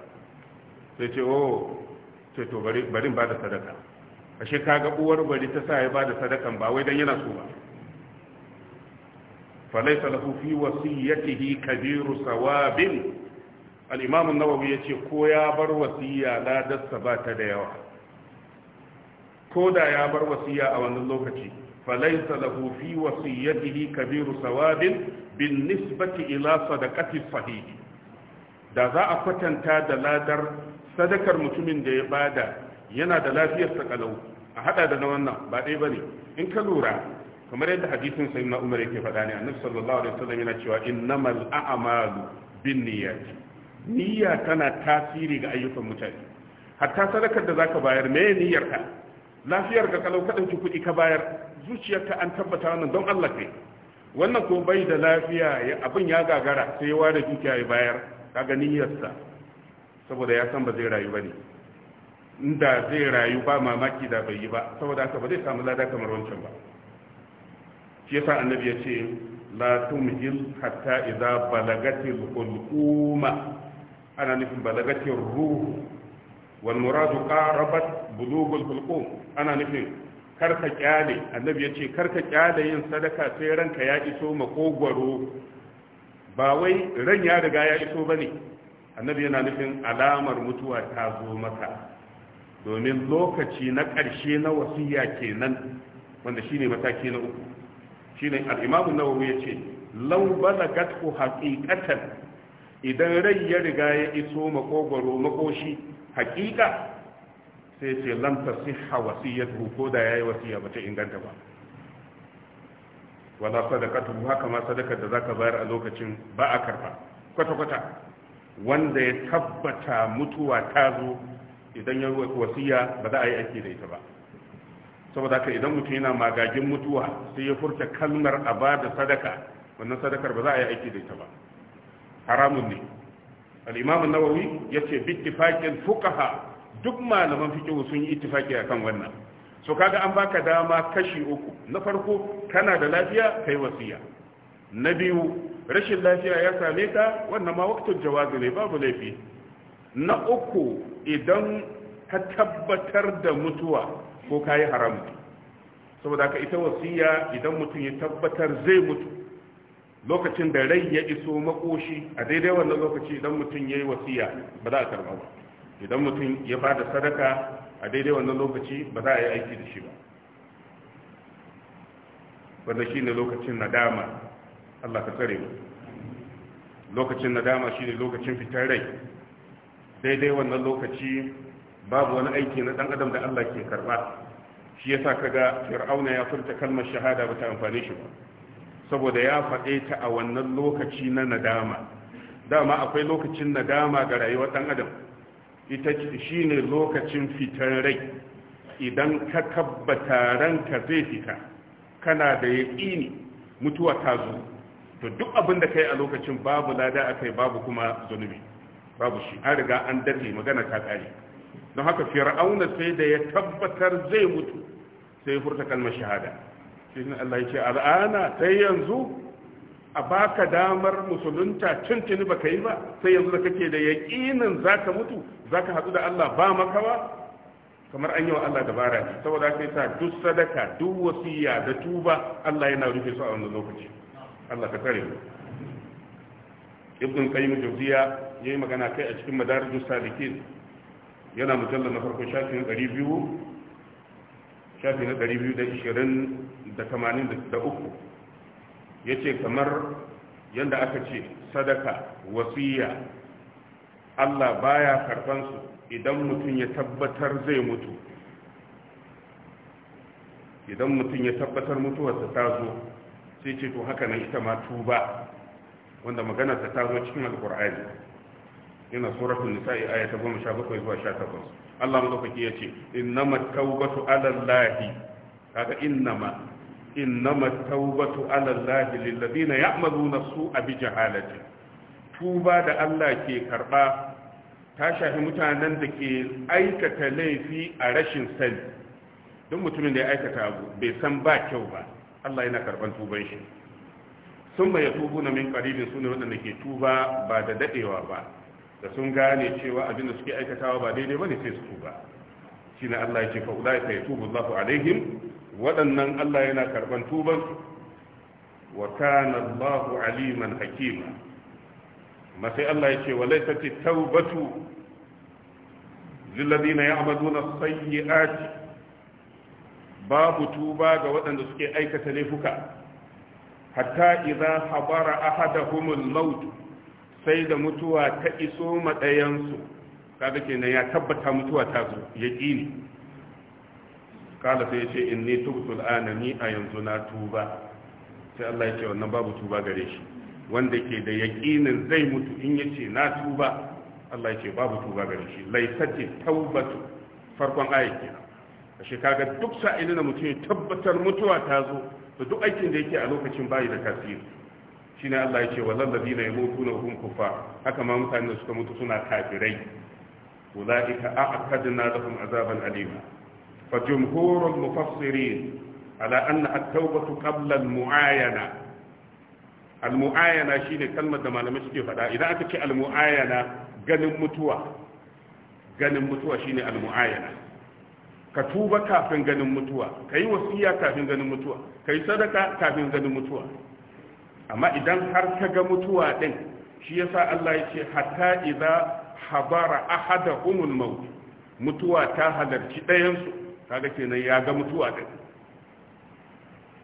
sai ce o oh, sai to bari ba da sadaka ashe kaga uwar bari ta sa ya ba da sadakan ba wai dan yana so ba falaisa lahu fi wasiyatihi kabiru sawabin al-imam an-nawawi yace ko ya bar wasiya ladarsa ba ta da yawa ko da ya bar wasiya a wannan lokaci falaisa lahu fi wasiyatihi kabiru sawabin bin nisbati ila sadaqati sahihi da za a kwatanta da ladar sadakar mutumin da ya bada yana da lafiyar ta kalau a hada da na wannan ba ɗaya bane in ka lura kamar yadda hadisin sai na umar yake faɗa ne annabi sallallahu alaihi wasallam yana cewa innamal a'malu binniyati niyya tana tasiri ga ayyukan mutane hatta sadakar da zaka bayar me niyyarka lafiyar ka kalau ka ki kuɗi ka bayar zuciyarka an tabbata wannan don Allah kai wannan ko bai da lafiya abin ya gagara sai ya ware dukiya ya bayar kaga niyyarsa saboda ya san ba zai rayu bane inda zai rayu ba mamaki da bai yi ba saboda haka ba zai samu lada kamar wancan ba shi yasa annabi ya ce la tumhil hatta idza balagatil ulquma ana nufin balagatil ruhu wal muradu qarabat bulughul hulqum ana nufin karka kyale annabi ya ce karka kyale yin sadaka sai ranka ya iso makogwaro ba wai ran ya riga ya iso bane annabi yana nufin alamar mutuwa ta zo maka domin lokaci na ƙarshe na wasiya kenan wanda shine mataki na uku shine al-imamu nawawi yace law balagatu haqiqatan idan rai ya riga ya iso makogoro makoshi haqiqa sai ce lam tasihha wasiyatu ko da yayi wasiya bata inganta ba wala sadaqatu haka ma sadakar da zaka bayar a lokacin ba a karba kwata kwata wanda ya tabbata mutuwa ta zo idan ya ruwa wasiya ba za a yi aiki da ita ba saboda haka idan mutum yana magagin mutuwa sai ya furta kalmar a ba da sadaka wannan sadakar ba za a yi aiki da ita ba haramun ne al'imamin imam ya ce yace bi ittifaqin fukaha duk malaman fiqh sun yi a akan wannan so kaga an baka dama kashi uku na farko kana da lafiya kai wasiya na biyu rashin lafiya ya same ka wannan ma waqtul jawazi ne babu laifi na uku idan ka tabbatar da mutuwa ko ka yi haram saboda ka ita wasiya idan mutum ya tabbatar zai mutu lokacin da rai ya iso makoshi a daidai wannan lokaci idan mutum ya yi wasiya ba za a karba ba idan mutum ya ba da sadaka a daidai wannan lokaci ba za a yi aiki da shi ba wanda shi ne lokacin nadama Allah ka tsare mu lokacin nadama shi ne lokacin fitar rai daidai wannan lokaci babu wani aiki na dan adam da Allah ke karba shi yasa kaga fir'auna ya furta kalmar shahada bata amfane shi ba saboda ya faɗe ta a wannan lokaci na nadama dama akwai lokacin nadama ga rayuwar dan adam ita shi ne lokacin fitar rai idan ka tabbata ranka zai fita kana da yaƙini mutuwa ta zo to duk abin da kai a lokacin babu lada akai babu kuma zunubi babu shi an riga an dace magana ta kare don haka fir'auna sai da ya tabbatar zai mutu sai furta kalmar shahada shi ne Allah ya ce al'ana sai yanzu a baka damar musulunta tuntuni baka yi ba sai yanzu da kake da yaqinin zaka mutu zaka hadu da Allah ba maka ba? kamar an yi wa Allah dabara ne saboda sai sa, duk sadaka duk wasiya da tuba Allah yana rufe su a wannan lokaci Allah ka tare mu ibn qayyim jawdiya yayi magana kai a cikin madarijus salikin yana mujallal na farko shafin 200 shafi na 220 da da 83 yace kamar yanda aka ce sadaka wasiya Allah baya karban su idan mutum ya tabbatar zai mutu idan mutum ya tabbatar mutuwarsa ta zo sai ce to haka nan ita ma tuba wanda magana ta tazo cikin alqur'ani yana suratul nisa'i aya ta 17 zuwa 18 Allah madaukaki yace innamat tawbatu ala llahi kaga innama innamat tawbatu ala llahi lil ladina ya'maluna su'a bi jahalati tuba da Allah ke karba ta shafi mutanen da ke aikata laifi a rashin sani duk mutumin da ya aikata abu bai san ba kyau ba Allah yana karban tuban shi sun bai tubu na min karibin su ne waɗanda ke tuba ba da daɗewa ba da sun gane cewa abin da suke aikatawa ba daidai ba ne sai su tuba shi na Allah ya ce fa'ula ya tubu Allah alaihim waɗannan Allah yana karɓan tubansu wa kana Allah aliman hakima amma sai Allah ya ce wa laysati tawbatu lil ladina ya'maluna sayyi'ati babu tuba ga waɗanda suke aikata laifuka hatta idza habara ahadahumul maut sai da mutuwa ta iso madayansu kaga kenan ya tabbata mutuwa ta zo yaqini kala sai ce inni tubtu al'ana ni a yanzu na tuba sai Allah ya ce wannan babu tuba gare shi wanda ke da yaqinin zai mutu in yace na tuba Allah ya ce babu tuba gare shi laisati taubatu farkon ayat kenan ashe kaga duk sa'ilin da mutum ya tabbatar mutuwa ta zo to duk aikin da yake a lokacin bayi da tasiri shine Allah ya ce wallan ladina yamutuna hum kuffar haka ma mutanen da suka mutu suna kafirai ulaika a'qadna lahum azaban alima fa jumhurul mufassirin ala anna at-taubatu qabla al-mu'ayana al-mu'ayana shine kalmar da malamai suke faɗa idan aka ce al-mu'ayana ganin mutuwa ganin mutuwa shine al-mu'ayana ka tuba kafin ganin mutuwa ka yi wasiya kafin ganin mutuwa ka yi sadaka kafin ganin mutuwa amma idan har ka ga mutuwa ɗin shi ya sa Allah ya ce hatta idza habara ahadahumul maut mutuwa ta halarci ɗayansu kaga kenan ya ga mutuwa ɗin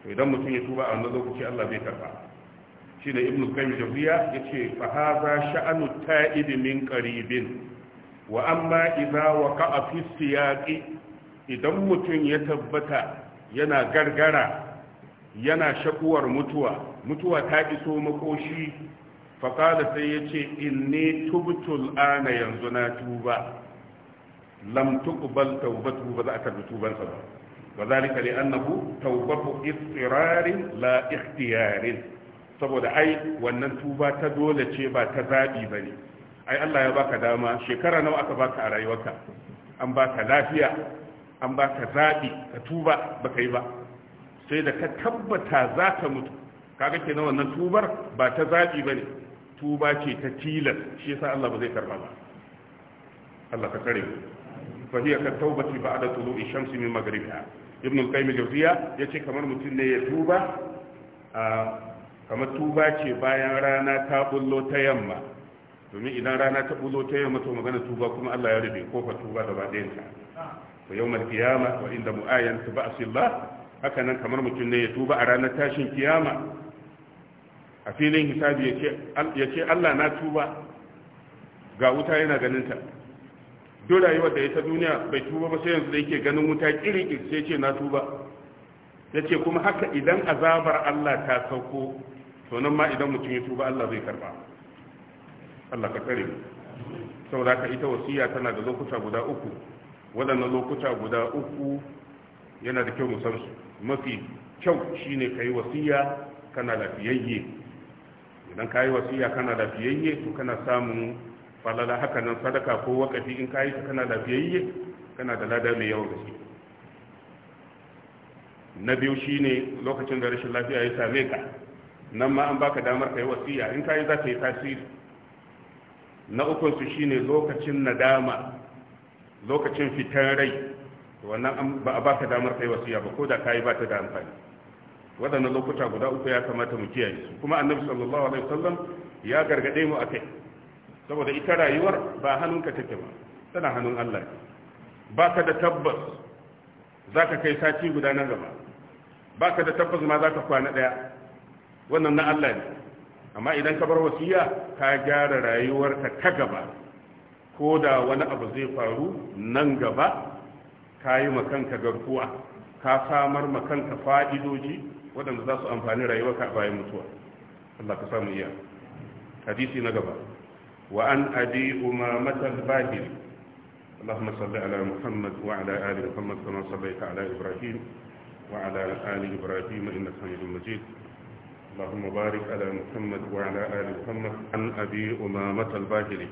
to idan mutum ya tuba a wani lokaci Allah zai karba shine ibnu qayyim jawziya yace fa hadha sha'anu ta'ib min qaribin wa amma idza waqa'a fi siyaqi idan mutum ya tabbata yana gargara yana shakuwar mutuwa mutuwa ta iso makoshi faƙada sai ya ce ne tubtul ana yanzu na tuba lam tuqbal ba za a karbi tubansa ba wa zalika li annahu tawbatu istirarin la saboda ai wannan tuba ta dole ce ba ta zabi bane ai Allah ya baka dama shekara nawa aka baka a rayuwarka an baka lafiya an ba ka zaɓi ka tuba ba ka yi ba sai da ka tabbata za ka mutu kaga ke na wannan tubar ba ta zaɓi ba ne tuba ce ta tilas shi yasa Allah ba zai karba ba Allah ka kare fa hiya ka tawbati ba'da tulu'i shamsi min maghribiha ibn al-qayyim al-jawziya yace kamar mutum ne ya tuba kamar tuba ce bayan rana ta bullo ta yamma domin idan rana ta bullo ta yamma to magana tuba kuma Allah ya rufe kofa tuba da ba ɗayan wa yawmal qiyama wa inda mu'ayyan ba'sillah haka nan kamar mutum ne ya tuba a ranar tashin kiyama a filin hisabi ya ce Allah na tuba ga wuta yana ganin ta. dole rayuwar da ya ta duniya bai tuba ba sai yanzu da yake ganin wuta kirikir sai ce na tuba ya ce kuma haka idan azabar Allah ta sauko to nan ma idan mutum ya tuba Allah zai karba Allah ka tsare mu saboda ka ita wasiya tana da lokuta guda uku waɗannan lokuta guda uku yana da kyau mu san su mafi kyau shine ka yi wasiya kana lafiyayye idan ka yi wasiya kana lafiyayye to kana samun falala haka nan sadaka ko wakafi in ka yi ta kana lafiyayye kana da lada mai yawan gaske na biyu shine lokacin da rashin lafiya ya same ka nan ma an baka damar ka yi wasiya in ka yi za ka yi tasiri na ukunsu shine lokacin nadama lokacin fitan rai wannan ba a baka damar kai wasiya ba ko da ka yi ba ta da amfani waɗannan lokuta guda uku ya kamata mu kiyaye su kuma annabi sallallahu alaihi wasallam ya gargade mu akai saboda ita rayuwar ba hannunka take ba tana hannun Allah ba ka da tabbas za ka kai sati guda na gaba ba ka da tabbas ma za ka kwana ɗaya wannan na Allah ne amma idan ka bar wasiya ka gyara rayuwarka ta gaba ko da wani abu zai faru nan gaba ka yi makanka garkuwa ka samar makanka fa'idoji waɗanda za su amfani rayuwa bayan mutuwa Allah ka samu iya hadisi na gaba wa an abi umamata al-bahiri اللهم صل على محمد وعلى آل محمد كما صليت Ibrahim, إبراهيم وعلى آل إبراهيم إنك حميد مجيد اللهم بارك على محمد وعلى آل محمد عن أبي أمامة الباهلي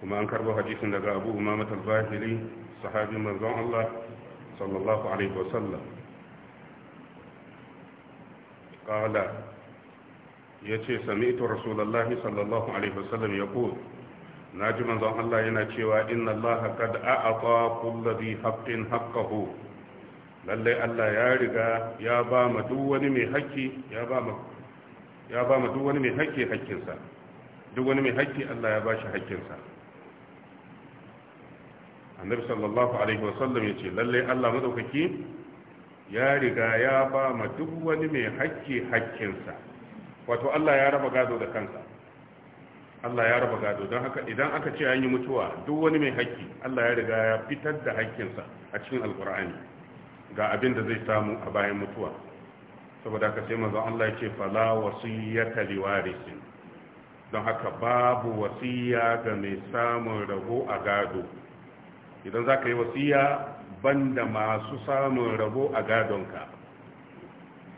kuma an karbo hadisin daga abu umama al-zahiri sahabin manzon Allah sallallahu alaihi wasallam ce, sami sami'tu rasulallah, sallallahu alaihi wasallam Na ji manzon Allah yana cewa inna Allah kad a'ata kulli dhi haqqin haqqahu lalle Allah ya riga ya ba ma duk wani mai haƙƙi ya ba mu ya ba mu duk wani mai haƙƙi haƙƙinsa duk wani mai haƙƙi Allah ya ba shi haƙƙinsa annabi sallallahu alaihi wasallam ya ce lalle Allah madaukaki ya riga ya ba ma duk wani mai hakki hakkinsa wato Allah ya raba gado da kansa Allah ya raba gado don haka idan aka ce an yi mutuwa duk wani mai hakki Allah ya riga ya fitar da hakkinsa a cikin alkur'ani ga abin da zai samu a bayan mutuwa saboda haka sai manzon Allah ya ce fala wasiyata liwarisin don haka babu wasiya ga mai samun rabo a gado idan za ka yi wasiya banda masu samun rabo a gadonka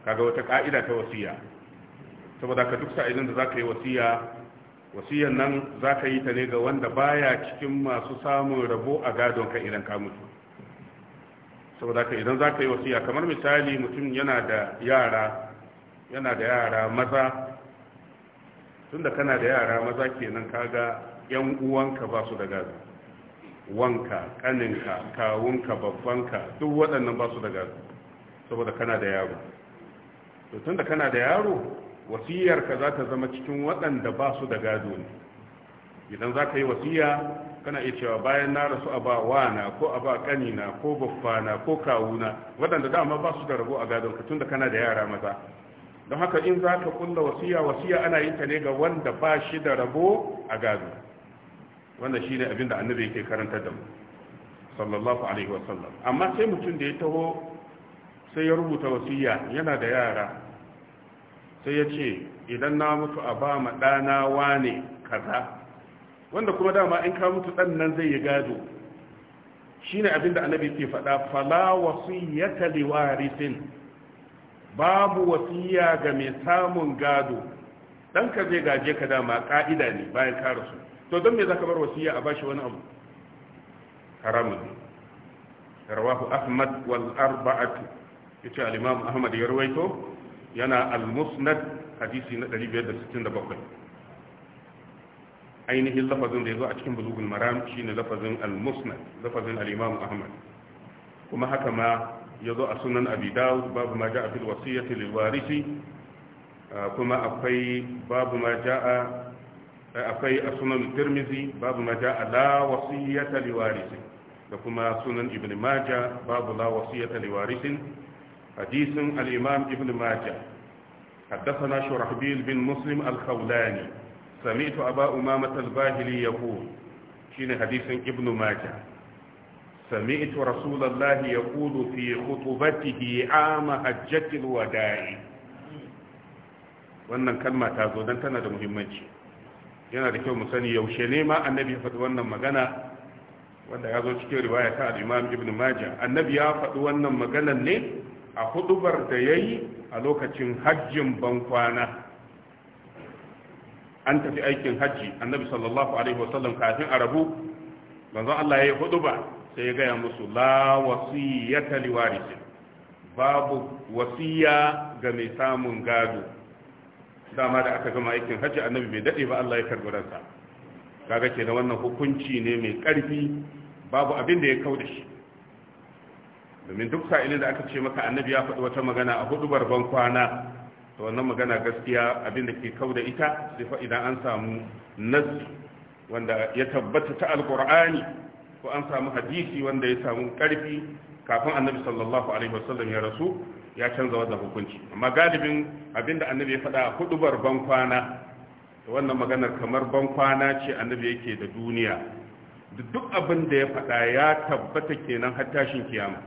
kaga wata ka'ida ta wasiya saboda ka duk sa'ilin da za ka yi wasiya wasiyan nan za ka yi ta ne ga wanda baya cikin masu samun rabo a gadonka idan ka mutu saboda ka idan za ka yi wasiya kamar misali mutum yana da yara yana da yara maza tunda kana da yara maza kenan kaga yan uwanka ba su da gado wanka kaninka kawunka babbanka duk waɗannan ba su daga saboda kana da yaro to tunda kana da yaro wasiyarka za ta zama cikin waɗanda ba su da gado ne idan za ka yi wasiya kana iya cewa bayan na rasu a ba wana ko a ba kanina ko babbana ko kawuna waɗanda dama ba su da rabo a gadon ka tunda kana da yara maza don haka in za ka kulla wasiya wasiya ana yin ta ne ga wanda ba shi da rabo a gado wanda shi ne abin da annabi yake karanta da mu sallallahu alaihi wa sallam amma sai mutum da ya taho sai ya rubuta wasiya yana da yara sai ya ce idan na mutu a ba ma ɗana wane kaza wanda kuma dama in ka mutu ɗan nan zai yi gado shi ne abin da annabi ke faɗa fala wasiyyata liwarisin babu wasiya ga mai samun gado ɗanka zai gaje ka dama ƙa'ida ne bayan ka rasu to don me za ka bar wasiya a bashi wani abu haramun rawahu ahmad wal arba'atu yace al-imam ahmad ya rawaito yana al-musnad hadisi na 567 ainihin lafazin da ya zo a cikin bulugul maram shine lafazin al-musnad lafazin al-imam ahmad kuma haka ma ya zo a sunan abi dawud babu ma ja'a fil wasiyyati lil warisi kuma akwai babu ma ja'a akwai a sunan tirmizi babu maja ja'a la liwarisin da kuma sunan ibn majah babu la wasiyata liwarisin hadisin al-imam ibn majah حدثنا شرحبيل بن مسلم الخولاني سمعت أبا أمامة الباهلي يقول شين حديث ابن ماجه سمعت رسول الله يقول في خطبته عام حجة الوداع wannan kalma ta zo dan tana da muhimmanci yana da kyau mu sani yaushe ne ma annabi ya faɗi wannan magana wanda ya zo cikin riwaya ta al-imam ibn majah annabi ya faɗi wannan maganan ne a hudubar da yayi a lokacin hajjin bankwana an tafi aikin hajji annabi sallallahu alaihi wasallam kafin a rabu manzo Allah ya yi huduba sai ya gaya musu la wasiyata liwarisi babu wasiya ga mai samun gado dama da aka gama aikin hajji annabi bai dade ba Allah ya karbi ransa kaga kenan wannan hukunci ne mai karfi babu abin da ya kauda shi domin duk sa'ilin da aka ce maka annabi ya faɗi wata magana a hudubar ban kwana to wannan magana gaskiya abin da ke kauda ita sai fa idan an samu nazi wanda ya tabbata ta alqur'ani ko an samu hadisi wanda ya samu karfi kafin annabi sallallahu alaihi wasallam ya rasu ya canza wannan hukunci amma galibin abinda annabi ya faɗa hudubar ban kwana wannan maganar kamar ban kwana ce annabi yake da duniya duk abin da ya faɗa ya tabbata kenan har tashin kiyama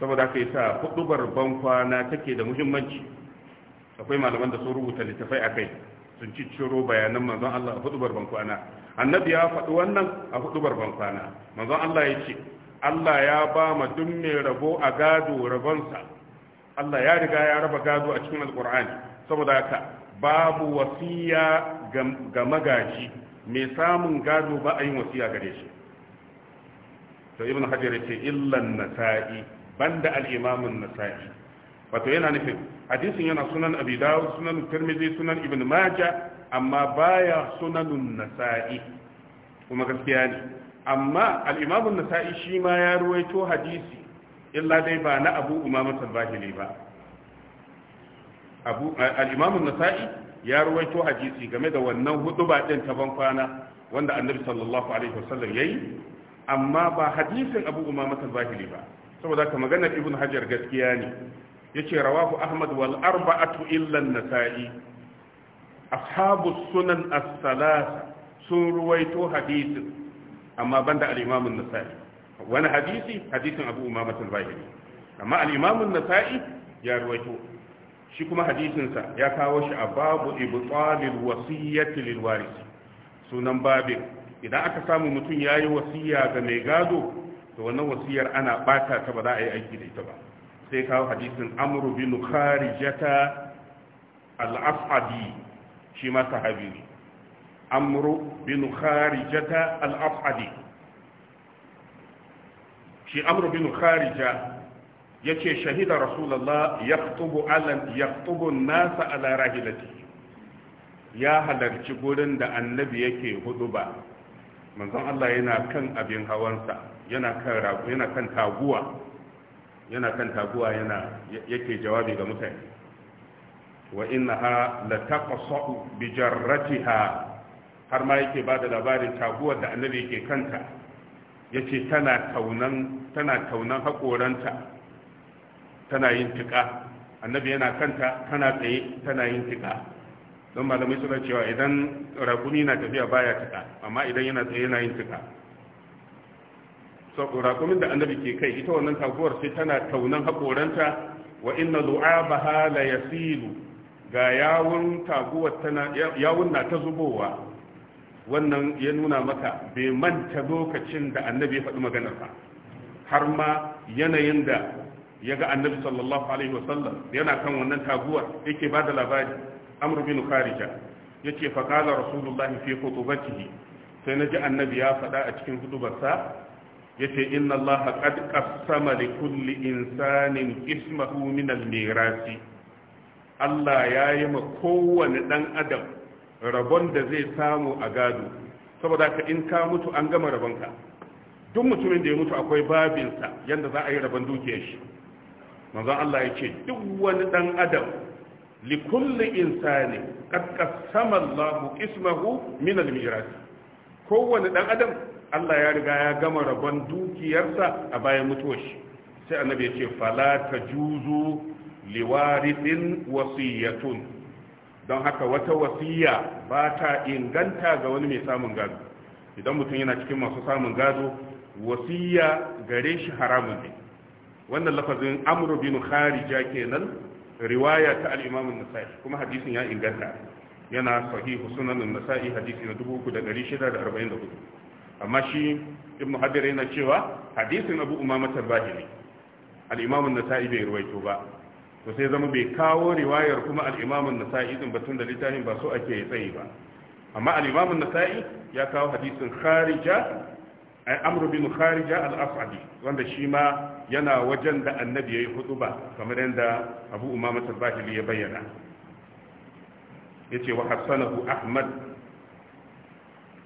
saboda haka yasa hudubar ban kwana take da muhimmanci akwai malaman da sun rubuta littafai akai sun cicciro bayanan manzon Allah a hudubar bankwana annabi ya faɗi wannan a hudubar ban kwana manzon Allah ya ce Allah ya ba ma duk mai rabo a gado rabonsa Allah ya riga ya raba gado a cikin alkur'ani saboda haka babu wasiya ga magaji mai samun gado ba a yin wasiya gare shi to ibn hajar ce illan nasa'i banda al an nasa'i wato yana nufin hadisin yana sunan abi dawud sunan tirmidhi sunan ibn majah amma baya sunanun nasa'i kuma gaskiya ne amma al'imamun nasa'i shi ma ya ruwaito hadisi illa dai ba na abu umamatar bahili ba al'imamun nasa'i ya ruwaito hadisi game da wannan hudu ɗin ta bankwana wanda annabi sallallahu alaihi wasallam ya yi amma ba hadisin abu umamatar bahili ba saboda ka maganar ibn hajar gaskiya ne ya ce rawahu ahmad wal arba'atu illan nasa'i ashabu sunan as-salasa sun ruwaito hadisin amma banda al-imam nasai wani hadisi hadisin abu umama al-bahili amma al nasai ya ruwaito shi kuma hadisinsa ya kawo shi a babu ibtalil wasiyyati lil waris sunan babin idan aka samu mutum yayi wasiya ga mai gado to wannan wasiyar ana bata ta ba za a yi aiki da ita ba sai kawo hadisin amru bin kharijata al-as'adi shi ma sahabi ne amru bin kharijata al-afadi shi amru bin kharija yace shahida rasulullah yaktubu ala yaktubu nasa ala rahilati ya halarci gurin da annabi yake hudu ba manzon Allah yana kan abin hawansa yana yana kan taguwa yake jawabi ga mutane wa innaha la taqsa'u bi har ma yake ba da labarin taguwar da annabi yake kanta ya ce tana taunan haƙoranta tana yin tiƙa annabi yana kanta tana tsaye tana yin tiƙa don malamai suna cewa idan raƙumi na tafiya baya tiƙa amma idan yana tsaye yana yin tiƙa raƙumin da annabi ke kai ita wannan taguwar sai tana taunan haƙoranta wa inna lu'abaha la yasilu ga yawun taguwar tana yawun na ta zubowa wannan ya nuna maka bai manta lokacin da annabi ya faɗi maganar ba har ma yanayin da ya ga annabi sallallahu alaihi wasallam yana kan wannan taguwar yake ba da labari amr bin kharija yace fa qala rasulullahi fi khutubatihi sai naji annabi ya faɗa a cikin hudubarsa yace inna allaha qad qassama li kulli insanin ismahu min al-mirasi Allah ya yi ma kowane dan adam rabon da zai samu a gado saboda ka in ka mutu an gama rabonka duk mutumin da ya mutu akwai babinsa yadda za a yi rabon dukiyar shi manzon Allah ya ce duk wani dan adam li kulli insani qad qassama Allahu ismahu min al kowane dan adam Allah ya riga ya gama rabon dukiyarsa a bayan mutuwar shi sai annabi ya ce fala tajuzu liwarithin wasiyatun don haka wata wasiya ba ta inganta ga wani mai samun gado idan mutum yana cikin masu samun gado wasiya gare shi haramun ne wannan lafazin amru bin kharija kenan riwaya ta al nasai kuma hadisin ya inganta yana sahihu sunan an-nasa'i hadisi na 3644 amma shi ibnu hajar yana cewa hadisin abu umama tabahili al-imam nasai bai ruwaito ba to sai zama bai kawo riwayar kuma al'imamun nasa'i din batun da littafin ba so ake tsayi ba amma al'imamun nasa'i ya kawo hadisin kharija ai eh, amru bin kharija al-asadi wanda shi ma yana wajen da annabi yayi hutuba kamar yadda abu umama tabahili ya bayyana yace wa hasanahu ahmad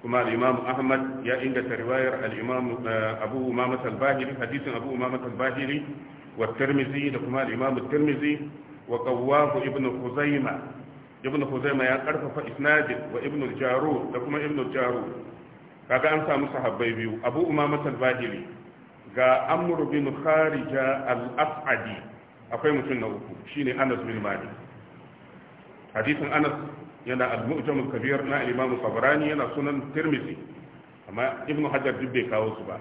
kuma al-imam ahmad ya inganta riwayar al-imam eh, abu umama tabahili hadisin abu umama tabahili wa tirmizi da kuma al-imam wa qawwahu ibn khuzaima ibn khuzaima ya karfafa isnadin wa ibn al-jarud da kuma ibn al-jarud kaga an samu sahabbai biyu abu umama al-bahili ga amr bin kharija al-as'adi akwai mutum na uku shine anas bin malik hadisin anas yana al-mu'jam kabir na imam tabarani yana sunan tirmizi amma Ibnu hajar duk bai kawo su ba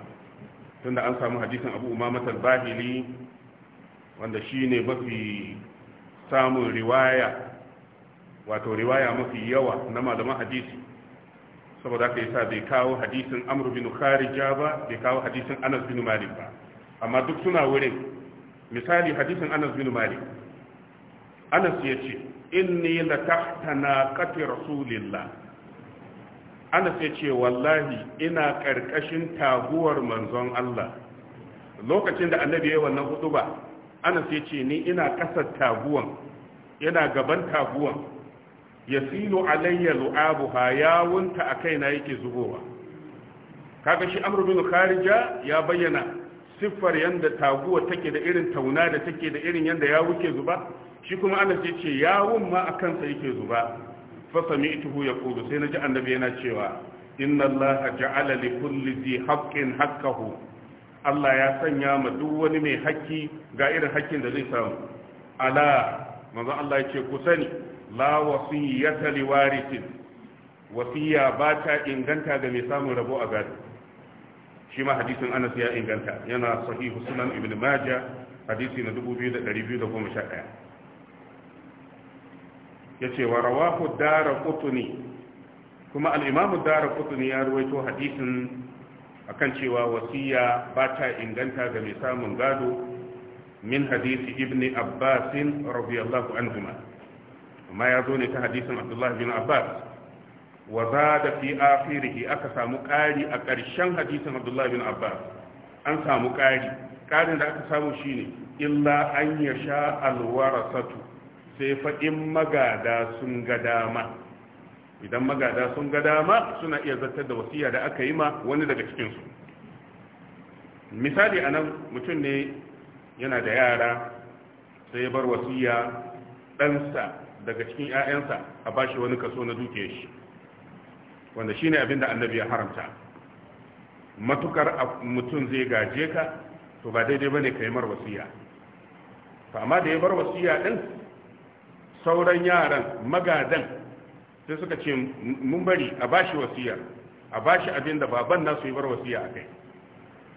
tunda an samu hadisin abu umama al wanda shi ne mafi samun riwaya wato riwaya mafi yawa na malaman hadisi saboda ka sa bai kawo hadisin amr bin kharija ba bai kawo hadisin anas bin malik ba amma duk suna wurin misali hadisin anas bin malik anas ya ce inni la tahtana qati rasulillah anas ya ce wallahi ina karkashin taguwar manzon Allah lokacin da annabi ya wannan hudu ba anas ya ce ni ina kasar taguwan yana gaban taguwan ya silo alayya lu'abuha yawunta a kaina yake zubowa kaga shi amru bin kharija ya bayyana siffar yanda taguwa take da irin tauna da take da irin yanda ya wuke zuba shi kuma anas ya ce yawun ma a kansa yake zuba fa ya yaqulu sai na ji annabi yana cewa inna allaha ja'ala li kulli dhi haqqin haqqahu Allah ya sanya ma duk wani mai haƙƙi ga irin haƙƙin da zai samu ala manzo Allah ya ce ku sani la wasiyata li warithin wasiya ba ta inganta ga mai samun rabo a gari. shi ma hadisin Anas ya inganta yana sahihu sunan ibn majah hadisi na 2211 yace wa rawahu kutuni. kuma al-imam kutuni ya ruwaito hadisin akan cewa wasiya ba ta inganta ga mai samun gado min hadisi ibn abbas an anhuma amma ya zo ne ta hadisin Abdullahi bin abbas wa zada fi akhirih aka samu ƙari a ƙarshen hadisin Abdullahi bin abbas an samu ƙari ƙarin da aka samu shine illa an yasha alwarasatu sai fa magada sun ga dama idan magada sun ga dama suna iya zartar da wasiya da aka yi ma wani daga cikinsu misali anan, mutum ne yana da yara sai ya bar wasiya ɗansa daga cikin 'ya'yansa a bashi wani kaso na dukiyar shi wanda shine abin da annabi ya haramta matukar mutum zai gaje ka to ba daidai ne ka yi mar wasiya to amma da ya bar wasiya din sauran yaran magadan sai suka ce mun bari a bashi wasiya a bashi abin da baban nasu yi bar wasiya a kai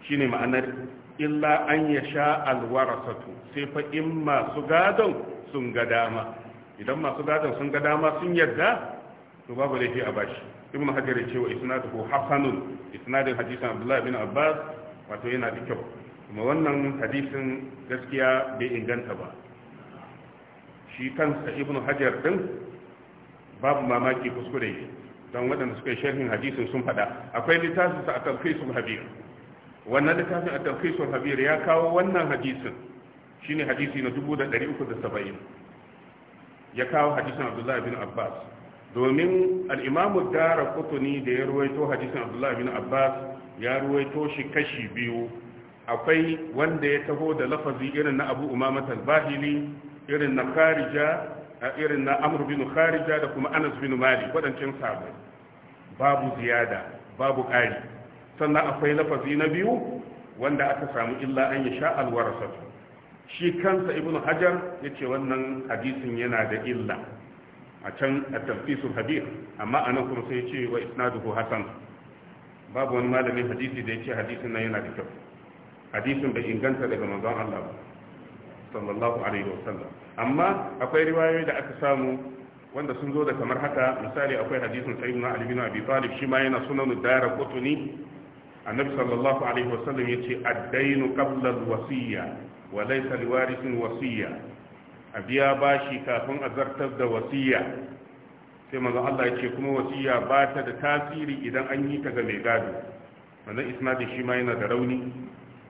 shine ma'anar illa an ya sha alwarasatu sai fa in masu gadon sun ga dama idan masu gadon sun ga dama sun yarda to babu laifi a bashi ibn hajar ya ce wa isnaduhu hasanun isnadin hadisan abdullahi bin abbas wato yana da kyau kuma wannan hadisin gaskiya bai inganta ba shi kansa ibn hajar din babu mamaki kuskure don waɗanda suka yi sharhin hadisin sun faɗa akwai littafin sa a tarfisul habir wannan littafin a tarfisul habir ya kawo wannan hadisin shine hadisi na 1370 ya kawo hadisin Abdullahi bin Abbas domin al dara ad da ya ruwaito hadisin Abdullahi bin Abbas ya ruwaito shi kashi biyu akwai wanda ya taho da lafazi irin na Abu Umama Al-Bahili irin na Karija. a irin na Amur bin kharija da kuma anas bin mali wadancan sahabbai babu ziyada babu ƙari sannan akwai lafazi na biyu wanda aka samu illa an ya sha alwarasatu shi kansa ibn hajar ya ce wannan hadisin yana da illa a can a tafisun habir amma a nan kuma sai ce wa isnaduhu hasan babu wani malamin hadisi da ya ce hadisin nan yana da kyau hadisin bai inganta daga manzon Allah ba sallallahu alaihi sallam. amma akwai riwayoyi da aka samu wanda sun zo da kamar haka misali akwai hadisin sayyid na ali bin abi talib shi ma yana sunan dara qutni annabi sallallahu alaihi wasallam yace ad-dainu qabla al-wasiyya wa laysa liwarithin wasiyya abiya bashi kafin azartar da wasiyya sai manzo Allah yace kuma wasiyya ba ta da tasiri idan an yi ta ga mai gado wannan isnadi shi ma yana da rauni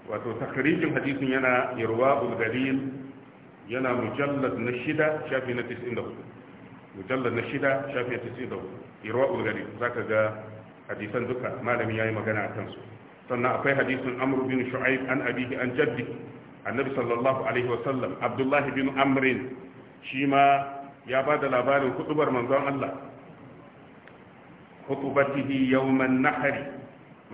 wato takrijin hadisin yana irwa ul dalil yana mujallad na shida shafi na 94 mujallad na shida shafi na 94 irwa za ka ga hadisan duka malami yi magana a kansu sannan akwai hadisin amr bin shu'aib an abihi an jaddi annabi sallallahu alaihi wa sallam abdullah bin Amrin shi ma ya ba da labarin kutubar manzon Allah khutubatihi yawman nahari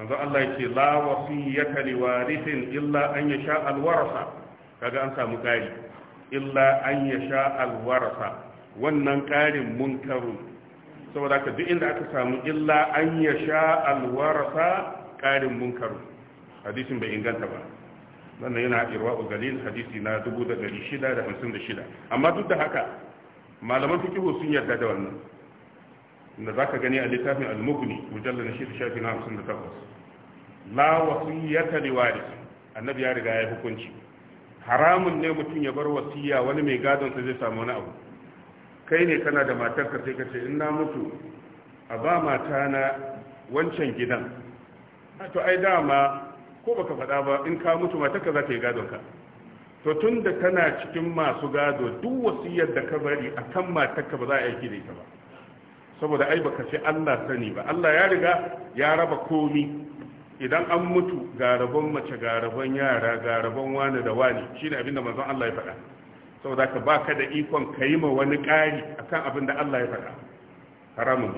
manzon Allah ya ce la wasiyata liwarithin illa an yasha alwarasa kaga an samu kari illa an ya sha alwarasa wannan ƙarin munkarun saboda ka duk inda aka samu illa an ya sha alwarasa ƙarin munkarun hadisin bai inganta ba wannan yana irwa galil hadisi na 656 amma duk da haka malaman fikihu sun yarda da wannan inda za ka gani a littafin al mujallar shi shafi na 58 yata da wari annabi ya riga ya hukunci haramun ne mutum ya bar wasiya wani mai gadon sa zai samu wani abu kai ne kana da matarka sai ka ce in na mutu a ba mata na wancan gidan to ai dama ko baka faɗa ba in ka mutu matarka za ta yi gadon ka to tun da kana cikin masu gado duk wasiyar da ka bari a kan matarka ba za a yi da ba saboda ai baka ce Allah sani ba Allah ya riga ya raba komi idan an mutu garaban mace garaban yara garaban wani da wani shine abinda manzon Allah ya faɗa saboda ka baka da ikon kai ma wani ƙari akan abin da Allah ya faɗa haramun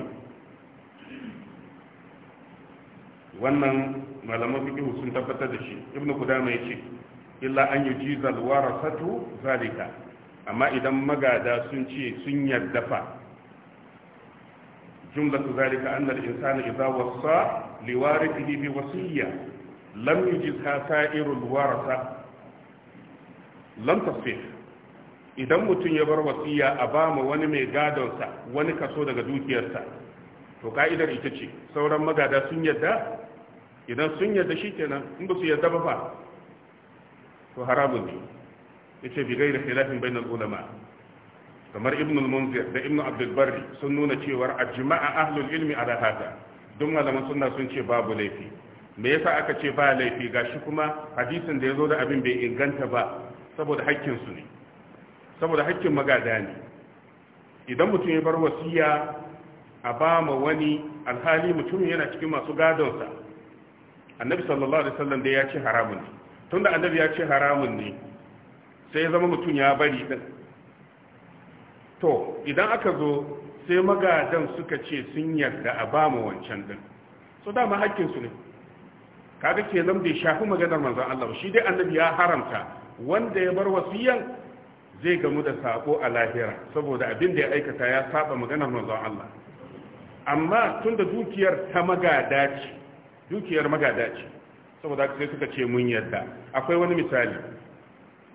ne wannan malaman fiqh sun tabbatar da shi ibnu qudama yace illa an yujizal warasatu zalika amma idan magada sun ce sun yarda fa jumlatu zalika anna al-insana idza wassa liwarithihi bi wasiyya lam yujizha sa'irul warasa idan mutum ya bar wasiya a ba mu wani mai gadonsa wani kaso daga dukiyarsa to ka'idar ita ce sauran magada sun yadda idan sun yadda shi kenan in ba su yadda ba to haramun ne yace bi gairi khilafin bainal ulama kamar ibn al-munzir da ibn al barri sun nuna cewar ajma'a ahlul ilmi ala hada duk malaman sunna sun ce babu laifi me yasa aka ce ba laifi gashi kuma hadisin da yazo da abin bai inganta ba saboda haƙƙin su ne saboda haƙƙin magada ne idan mutum ya bar wasiya a ba ma wani alhali mutum yana cikin masu gadon sa annabi sallallahu alaihi wasallam da ya ce haramun ne tunda annabi ya ce haramun ne sai ya zama mutum ya bari to idan aka zo sai magadan suka ce sun yarda a ba mu wancan din so dama su ne kaga kenan bai shafi maganar manzon Allah shi dai annabi ya haramta wanda ya bar wasiyan zai gamu da sako a lahira saboda abin da ya aikata ya saba maganar manzon Allah amma tunda dukiyar ta magada ce dukiyar magada ce saboda sai suka ce mun yarda akwai wani misali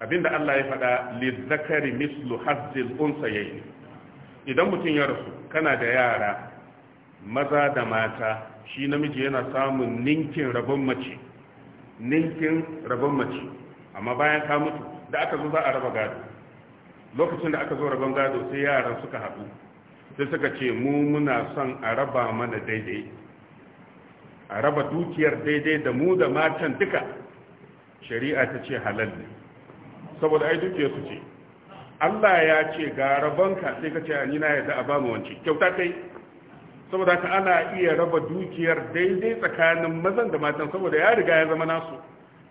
abinda Allah ya faɗa lizzakari mislu hazil unsayayi idan mutum ya rasu kana da yara maza da mata shi namiji yana samun ninkin rabon mace ninkin rabon mace amma bayan ka mutu da aka zo za a raba gado lokacin da aka zo rabon gado sai yaran suka haɗu sai suka ce mu muna son a raba mana daidai a raba dukiyar daidai da mu da matan duka shari'a ta ce halal ne saboda ai duke su ce Allah ya ce ga rabanka sai ka ce ni na yadda a bamu wance kyauta kai saboda ka ana iya raba dukiyar daidai tsakanin mazan da matan saboda ya riga ya zama nasu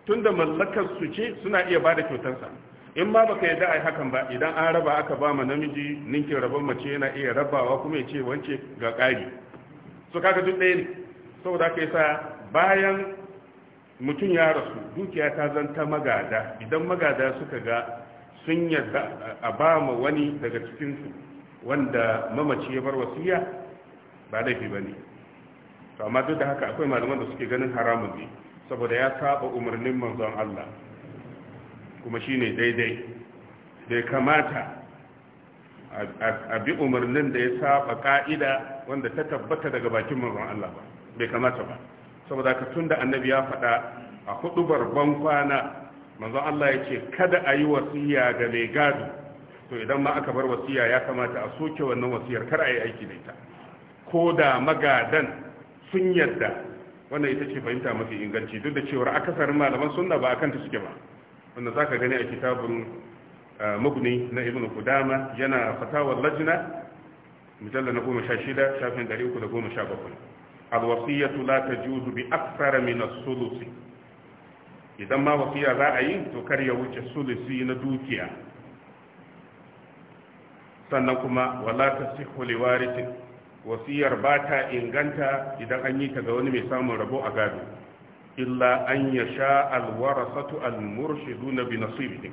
tunda mallakar su ce suna iya bada kyautarsa in ma baka yadda ai hakan ba idan an raba aka bama namiji ninkin rabon mace yana iya rabawa kuma ya ce wance ga ƙari so kaga duk ɗaya ne saboda ka yasa bayan mutum ya rasu dukiya ta zanta magada idan magada suka ga sun yarda a ba ma wani daga cikinsu wanda mamaci ya bar wasiya ba laifi ba ne to amma duk da haka akwai malaman da suke ganin haramun ne saboda ya saba umarnin manzon Allah kuma shine daidai bai kamata a bi umarnin da ya saba ka'ida wanda ta tabbata daga bakin manzon Allah ba bai kamata ba saboda ka da annabi ya faɗa a hudu barban kwana manzon Allah ya ce kada a yi wasiya ga mai gado to idan ma aka bar wasiya ya kamata a soke wannan wasiyar kar a yi aiki da ita ko da magadan sun yarda wannan ita ce fahimta mafi inganci duk da cewar akasarin malaman sunna ba akan ta suke ba wannan zaka gani a kitabun mugni na ibnu kudama yana fatawar lajna mujallal na goma sha shida shafin ɗari uku da goma sha bakwai alwasiyatu la tajuzu bi aksara min as-sulusi idan ma wasiya za a yi to kar ya wuce sulusi na dukiya sannan kuma wala tasihhu liwarithin wasiyar ba ta inganta idan an yi ta ga wani mai samun rabo a gado illa an ya sha alwarasatu almurshiduna bi nasibihim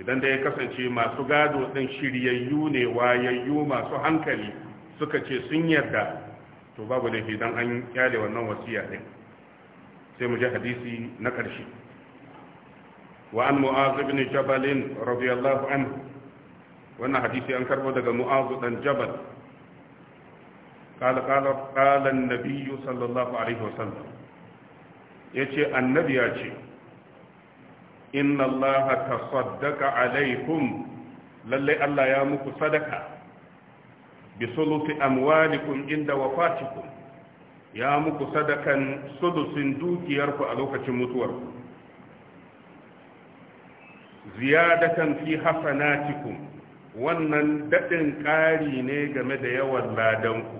idan da ya kasance masu gado din shiryayyu ne wayayyu masu hankali suka ce sun yarda to babu laifi dan an kyale wannan wasiya din sai mu ji hadisi na ƙarshe wa an mu'az ibn jabal radiyallahu anhu wannan hadisi an karbo daga mu'az dan jabal قال قال قال النبي صلى الله عليه وسلم يجي النبي يجي إن الله تصدق عليكم للي الله يا صدقه bi sulusi amwalikum inda wafatikum ya muku sadakan sulusin dukiyarku a lokacin mutuwarku ziyadatan fi hasanatikum wannan daɗin ƙari ne game da yawan ladanku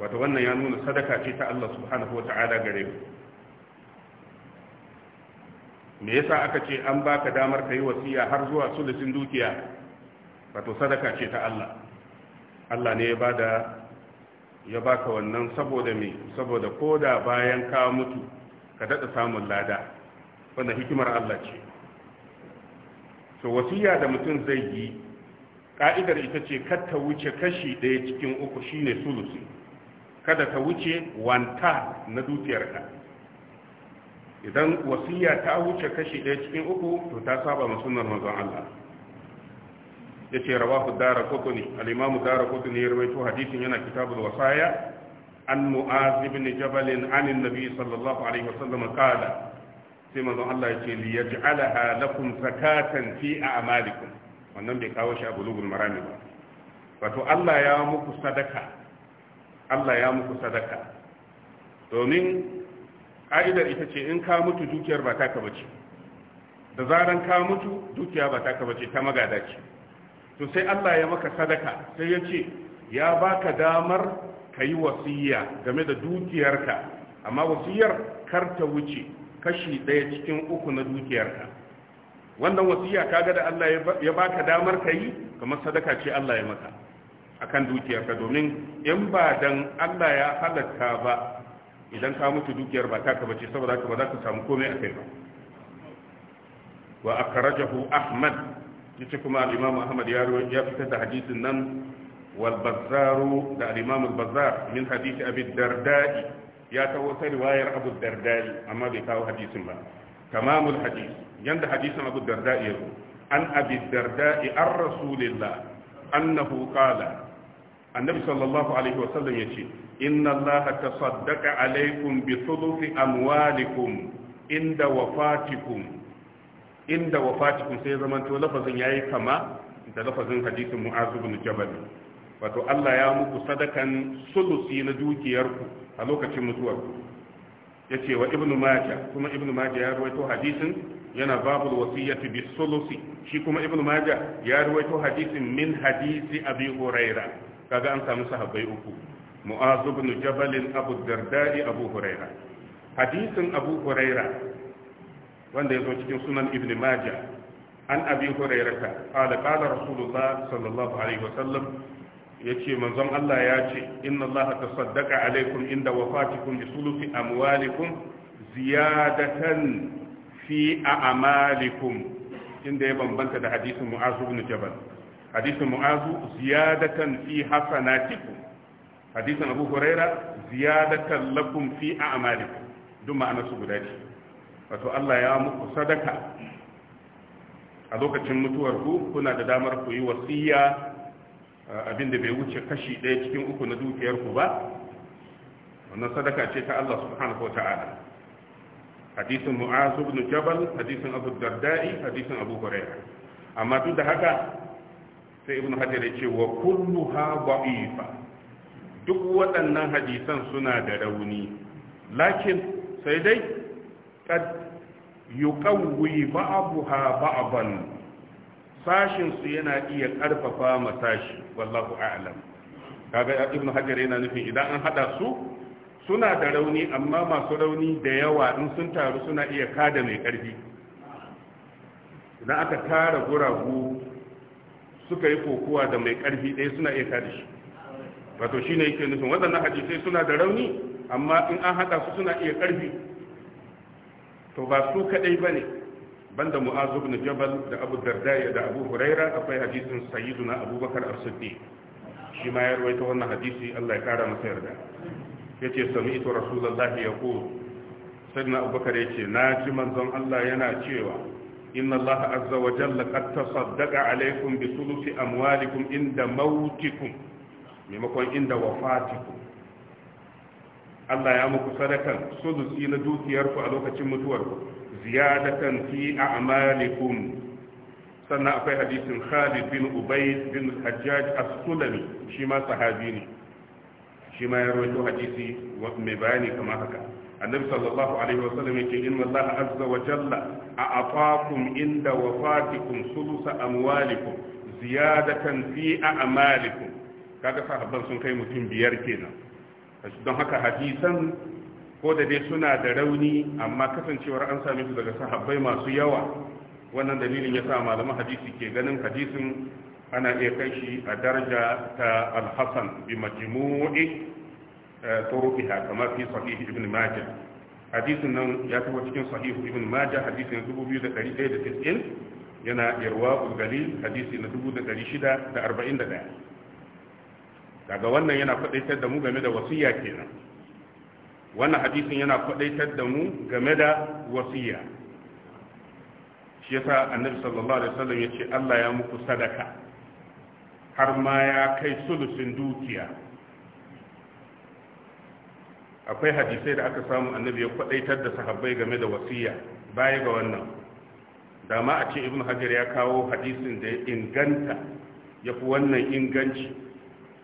wato wannan ya nuna sadaka ce ta Allah subhanahu wata'ala gare ku me yasa aka ce an baka damar kai wasiya har zuwa sulusin dukiya wato sadaka ce ta Allah Allah ne ya bada ya baka wannan saboda me saboda koda bayan ka mutu ka dada samun lada wannan hikimar Allah ce To wasiya da mutum zai yi ka'idar ita ce kar ta wuce kashi ɗaya cikin uku shine sulusi kada ta wuce wanta na dukiyarka idan wasiya ta wuce kashi ɗaya cikin uku to ta saba ma manzon Allah ya ce rawahu dara kutuni al'imamu dara kutuni ya rawaito hadisin yana kitabul wasaya an mu'az ibn jabal an nabi sallallahu alaihi wasallam qala sai manzon Allah ya ce li yaj'alaha lakum zakatan fi a'malikum wannan bai kawo shi a bulugul marami ba wato Allah ya muku sadaka Allah ya muku sadaka domin ka'idar ita ce in ka mutu dukiyar ba taka bace da zaran ka mutu dukiya ba taka bace ta magada ce to sai Allah ya maka sadaka sai ya ce ya baka damar ka yi wasiya game da dukiyarka amma wasiyar kar ta wuce kashi ɗaya cikin uku na dukiyarka wannan wasiya kaga da Allah ya baka damar ka yi kamar sadaka ce Allah ya maka akan dukiyarka domin in ba dan Allah ya halatta ba idan ka mutu dukiyar ba taka bace saboda haka ba za ka samu komai a kai ba wa akrajahu ahmad yace kuma al-imam ahmad ya ya fitar da hadisin nan wal bazzaru da al-imam al-bazzar min hadisi abi darda'i ya tawo sai riwayar abu darda'i amma bai kawo hadisin ba tamamul hadis yanda hadisin abu darda'i yazo an abi darda'i ar rasulillah annahu qala annabi sallallahu alaihi wa wasallam yace inna allaha tasaddaqa alaikum bi thuluthi amwalikum inda wafatikum inda wafatikum sai zaman to lafazin yayi kama da lafazin hadisin mu'az ibn jabal wato Allah ya muku sadakan sulusi na dukiyarku a lokacin mutuwarku yace wa ibn majah kuma ibn maja ya rawaito hadisin yana babul wasiyyati bi sulusi shi kuma ibn majah ya rawaito hadisin min hadisi abi huraira kaga an samu sahabbai uku mu'az ibn jabal abu darda'i abu huraira hadisin abu huraira wanda ya zo cikin sunan ibn majah an abin hurairata qala qala rasulullah sallallahu alaihi wasallam yace manzon Allah ya ce inna Allah ta tasaddaqa alaikum inda wafatikum bi sulufi amwalikum ziyadatan fi a'malikum inda ya bambanta da hadisin mu'azu ibn jabal hadisin mu'azu ziyadatan fi hasanatikum hadisin abu huraira ziyadatan lakum fi a'malikum duk ma'ana su guda ce wato Allah ya muku sadaka a lokacin mutuwarku kuna da damar ku yi wasiya abinda bai wuce kashi ɗaya cikin uku na dukiyarku ba wannan sadaka ce ta Allah subhanahu wa ta'ala hadisin mu'azu ibn jabal hadisin abu darda'i hadisin abu hurairah amma duk da haka sai ibn hajar ya ce wa kulluha dha'ifa duk waɗannan hadisan suna da rauni lakin sai dai qad yuqawwi ba'daha ba'dan sashin su yana iya karfafa matashi wallahu a'lam kaga ibnu hajar yana nufin idan an hada su suna da rauni amma masu rauni da yawa in sun taru suna iya kada mai karfi idan aka tara guragu suka yi kokowa da mai karfi ɗaya suna iya kada shi wato shine yake nufin waɗannan hadisi suna da rauni amma in an hada su suna iya karfi to ba su kadai bane banda mu'azu ibn jabal da abu darda da abu huraira akwai hadisin sayyiduna abubakar as-siddiq shi ma ya rawaita wannan hadisi Allah ya kara masa yarda yace sami'tu rasulullahi yaqul sayyidina abubakar yace na ji manzon Allah yana cewa inna Allah azza wa jalla qad tasaddaqa alaykum bi sulusi amwalikum inda mautikum maimakon inda wafatikum Allah ya muku sadakan sulusi na dukiyarku a lokacin mutuwarku ziyadatan fi a'malikum sannan akwai hadisin Khalid bin Ubayd bin Hajjaj as-Sulami shi ma sahabi ne shi ma ya rawaito hadisi mai bayani kama haka annabi sallallahu alaihi wa sallam yake inna Allah azza wa jalla a'atakum inda wafatikum sulusa amwalikum ziyadatan fi a'malikum kaga sahabban sun kai mutum biyar kenan don haka hadisan ko da dai suna da rauni amma kasancewar an sami su daga sahabbai masu yawa wannan dalilin ya sa malaman hadisi ke ganin hadisin ana iya kai shi a daraja ta alhassan bi majmu'i eh, turuqiha kama fi sahih ibn majah hadisin nan ya tafi cikin sahih ibn majah hadisin 2190 yana irwa galil hadisi na 1641 Daga wannan yana kwadaitar da mu game da wasiya kenan wannan hadisin yana kwadaitar da mu game da wasiya shi yasa annabi sallallahu alaihi wasallam yace Allah ya muku sadaka har ma ya kai sulusin dukiya akwai hadisai da aka samu annabi ya kwadaitar da sahabbai game da wasiya baya ga wannan dama a ce ibnu hajar ya kawo hadisin da ya inganta ya fi wannan inganci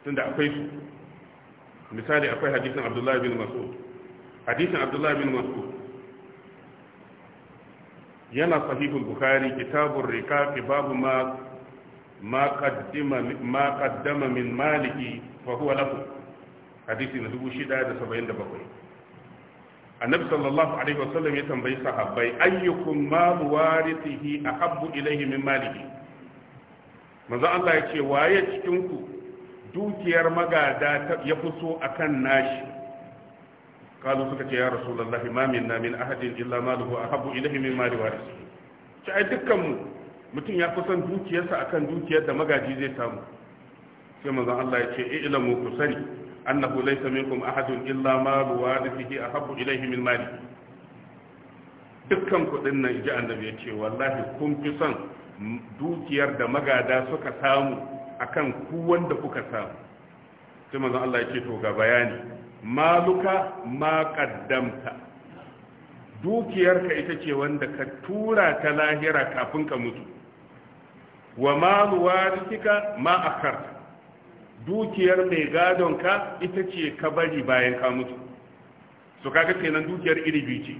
tunda akwai su misali akwai hadisin abdullahi bin mas'ud hadisin abdullahi bin mas'ud yana sahihul bukhari kitabur riqaqi babu ma ma qaddama ma qaddama min maliki fa huwa lahu hadisi na 677 annabi sallallahu alaihi wasallam ya tambayi sahabbai ayyukum ma warithihi ahabbu ilayhi min maliki manzo Allah ya ce waye cikin ku dukiyar magada ya fito kan nashi kalu suka ce ya rasu, lallahi ma na min ahadin illa maluhu ahabbu ilayhi min mali warisi ta ai dukkan mutum ya kusan dukiyarsa a kan dukiyar da magaji zai samu sai manzon Allah ya ce mu ku sani annahu laysa minkum ahadun illa malu a ahabbu ilayhi min mali dukkan kuɗin nan ji annabi ya ce wallahi kun fi son dukiyar da magada suka samu akan ku wanda kuka samu sai manzon Allah ya ce to ga bayani maluka ma qaddamta dukiyarka ita ce wanda ka tura ta lahira kafin ka mutu wa malu warithika ma akharta dukiyar mai gadonka ita ce ka bari bayan ka mutu su kaga kenan dukiyar iri biyu ce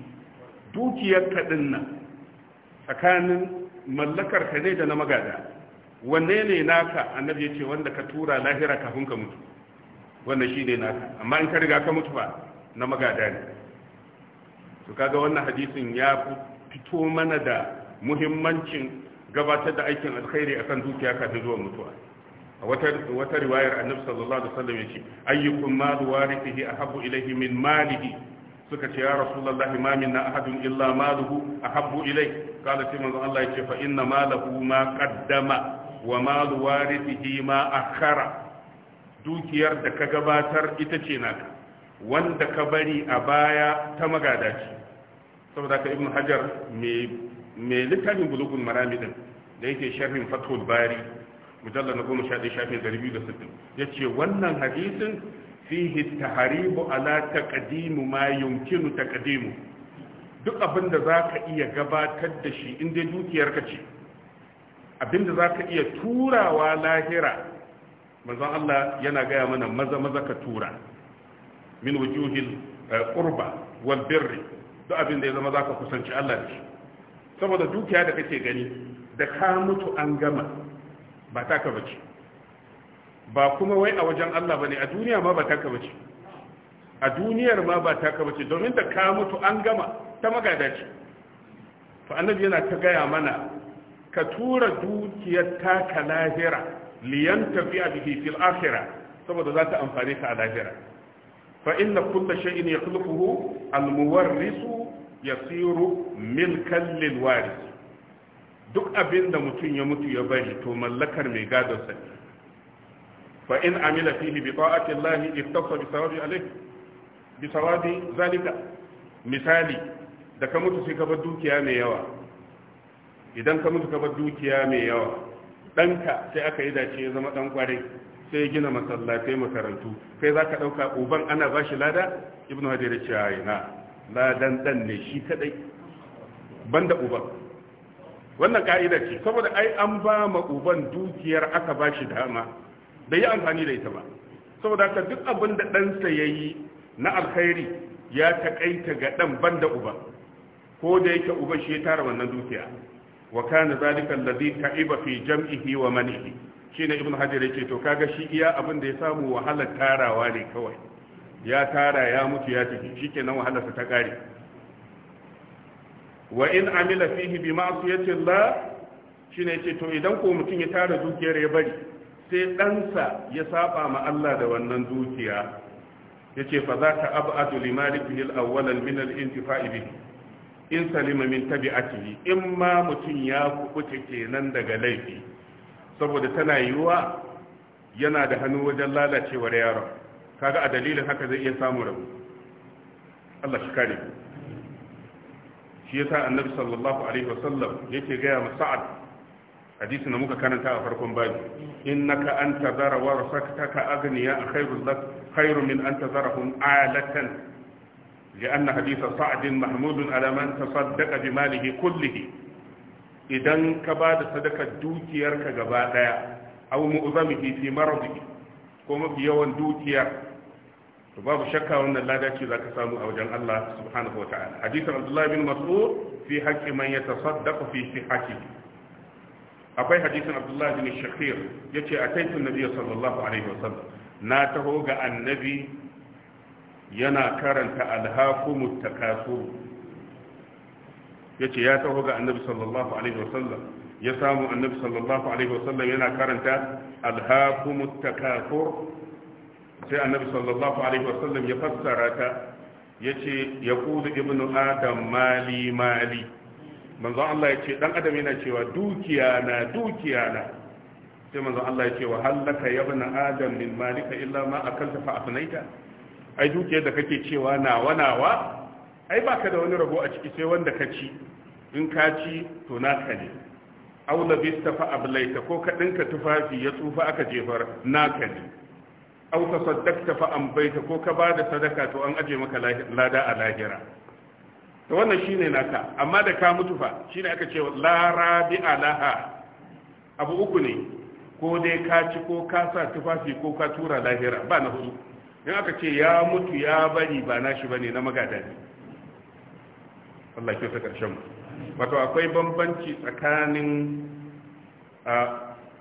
dukiyar ka dinnan tsakanin mallakar ka ne da na magada wanne ne naka annabi ya ce wanda ka tura lahira kafin ka mutu wannan shi ne naka amma in ka riga ka mutu ba na magada ne to kaga wannan hadisin ya fito mana da muhimmancin gabatar da aikin alkhairi akan dukiya kafin zuwa mutuwa a wata riwayar annabi sallallahu alaihi wasallam yace ayyukum malu warithihi ahabbu ilayhi min malihi suka ce ya rasulullahi ma minna ahadun illa maluhu ahabbu ilayhi qala sai manzo Allah yace fa inna malahu ma qaddama wa malu warithihi ma akhara dukiyar da ka gabatar ita ce naka wanda ka bari a baya ta magada ce saboda ka ibn hajar me littafin bulugun marami din da yake sharhin fathul bari na goma shafin ɗari biyu da sittin ya ce wannan hadisin fihi taharibu ala taqdimu ma yumkinu taqdimu duk abin da za ka iya gabatar da shi in dai dukiyar ka ce abinda za ka iya turawa lahira manzon Allah yana gaya mana maza maza ka tura min wujuhil eh, qurba wal birri duk abinda ya zama za ka kusanci Allah da shi saboda dukiya da kake gani da ka mutu an gama ba ka bace ba kuma wai a wajen Allah bane a duniya ma ba ka bace a duniyar ma ba ka bace domin da ka mutu an gama ta magada ce to annabi yana ta gaya mana ka tura dukiyar taka lahira liyan tafiya bihi fil akhira saboda za ta amfani ka a lahira fa inna kulla shay'in yakhluquhu al muwarrisu yasiru milkan lil waris duk abinda mutum ya mutu ya bari to mallakar mai gadon sa fa in amila fihi bi ta'ati Allah iftasa bi sawabi alayhi bi sawabi zalika misali da ka mutu sai ka bar dukiya mai yawa idan ka mutu ka bar dukiya mai yawa ɗanka sai aka yi dace ya zama ɗan kwarai sai ya gina masallatai makarantu kai za ka ɗauka uban ana ba shi lada ibnu hajar ce ya na ladan ɗan ne shi kaɗai banda uban wannan ka'ida ce saboda ai an ba ma uban dukiyar aka ba shi dama bai yi amfani da ita ba saboda ka duk abin da ɗansa ya yi na alkhairi ya taƙaita ga ɗan banda uban ko da yake uban shi ya tara wannan dukiya wa kana zalika alladhi ta'iba fi jam'ihi wa manihi shine ibnu hajar yake to kaga shi iya abin da ya samu wahalar tarawa ne kawai ya tara ya mutu ya tafi shikenan wahalarsa ta kare wa in amila fihi bi ma'siyati Allah shine yace to idan ko mutum ya tara dukiyar ya bari sai ɗansa ya saba ma Allah da wannan dukiya yace fa za ta ab'adu li malikihi al min al-intifa'i bihi in salima min tabi'atihi in ma mutum ya kubuta kenan daga laifi saboda tana yiwuwa yana da hannu wajen lalacewar yaron kaga a dalilin haka zai iya samun rabu Allah shi kare shi yasa annabi sallallahu alaihi wasallam yake gaya ma sa'ad hadisi na muka karanta a farkon babu innaka anta zara warasaka agniya khairul lak khairu min anta zarahum alatan لأن حديث سعد محمود على من تصدق بماله كله إذا كباد صدق دوتير كجبادا أو مؤذمه في مرضه كما في يوم دوتير فباب شكا وأن لا داتي ذاك سامو أو جل الله سبحانه وتعالى حديث عبد الله بن مسعود في حق من يتصدق في صحته أقول حديث عبد الله بن الشخير يتي أتيت النبي صلى الله عليه وسلم ناته النبي yana karanta alhakumut takasur yace ya taho ga annabi sallallahu alaihi wasallam ya samu annabi sallallahu alaihi wasallam yana karanta alhakumut takasur sai annabi sallallahu alaihi wasallam ya fassara ta yace yaqulu ibnu adam mali mali manzon Allah yace dan adam yana cewa dukiya na dukiya na sai manzon Allah yace wa halaka ya ibnu adam min malika illa ma akalta fa afnaita ai dukiyar da kake cewa nawa nawa ai baka da wani rabo a ciki sai wanda ka ci in ka ci to naka ne aw ta fa ablaita ko ka dinka tufafi ya tsufa aka jefar naka ne aw tasaddaqta fa fa'ambaita ko ka bada sadaka to an aje maka lada a lahira to wannan shine naka amma da ka mutu fa shine aka cewa la rabi alaha abu uku ne ko dai ka ci ko ka sa tufafi ko ka tura lahira ba na hudu in aka ce ya mutu ya bari ba nashi bane na magada ne Allah ke ta karshen wato akwai bambanci tsakanin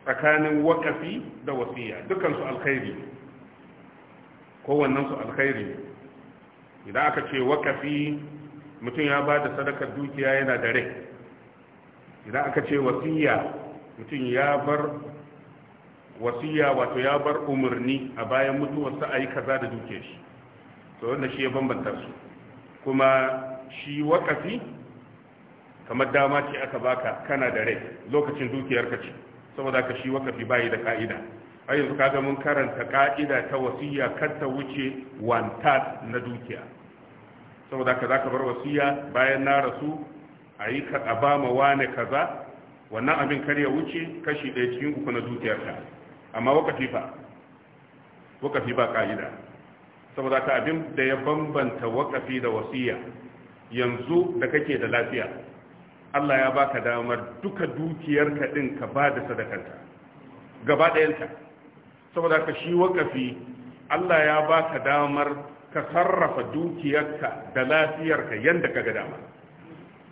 tsakanin wakafi da wasiya dukan su alkhairi kowannen su alkhairi idan aka ce wakafi mutum ya ba da sadakar dukiya yana da rai idan aka ce wasiya mutum ya bar wasiya wato ya bar umarni a bayan mutuwarsa a yi kaza da duke shi to wanda shi ya bambanta su kuma shi wakafi kamar dama ce aka baka kana da rai lokacin dukiyarka ce saboda ka shi wakafi bayi da ka'ida a yanzu ga mun karanta ka'ida ta wasiya kar ta wuce wanta na dukiya saboda ka zaka bar wasiya bayan na rasu a yi ka a ba ma wane kaza wannan abin kar ya wuce kashi ɗaya cikin uku na dukiyarka amma wakafi fa wakafi ba ka'ida saboda ta abin da ya bambanta wakafi da wasiya yanzu da kake da lafiya Allah ya baka damar duka dukiyarka din ka ba da sadakanta gaba ɗayanta saboda ka shi wakafi Allah ya baka damar ka sarrafa dukiyarka da lafiyarka yanda ka ga dama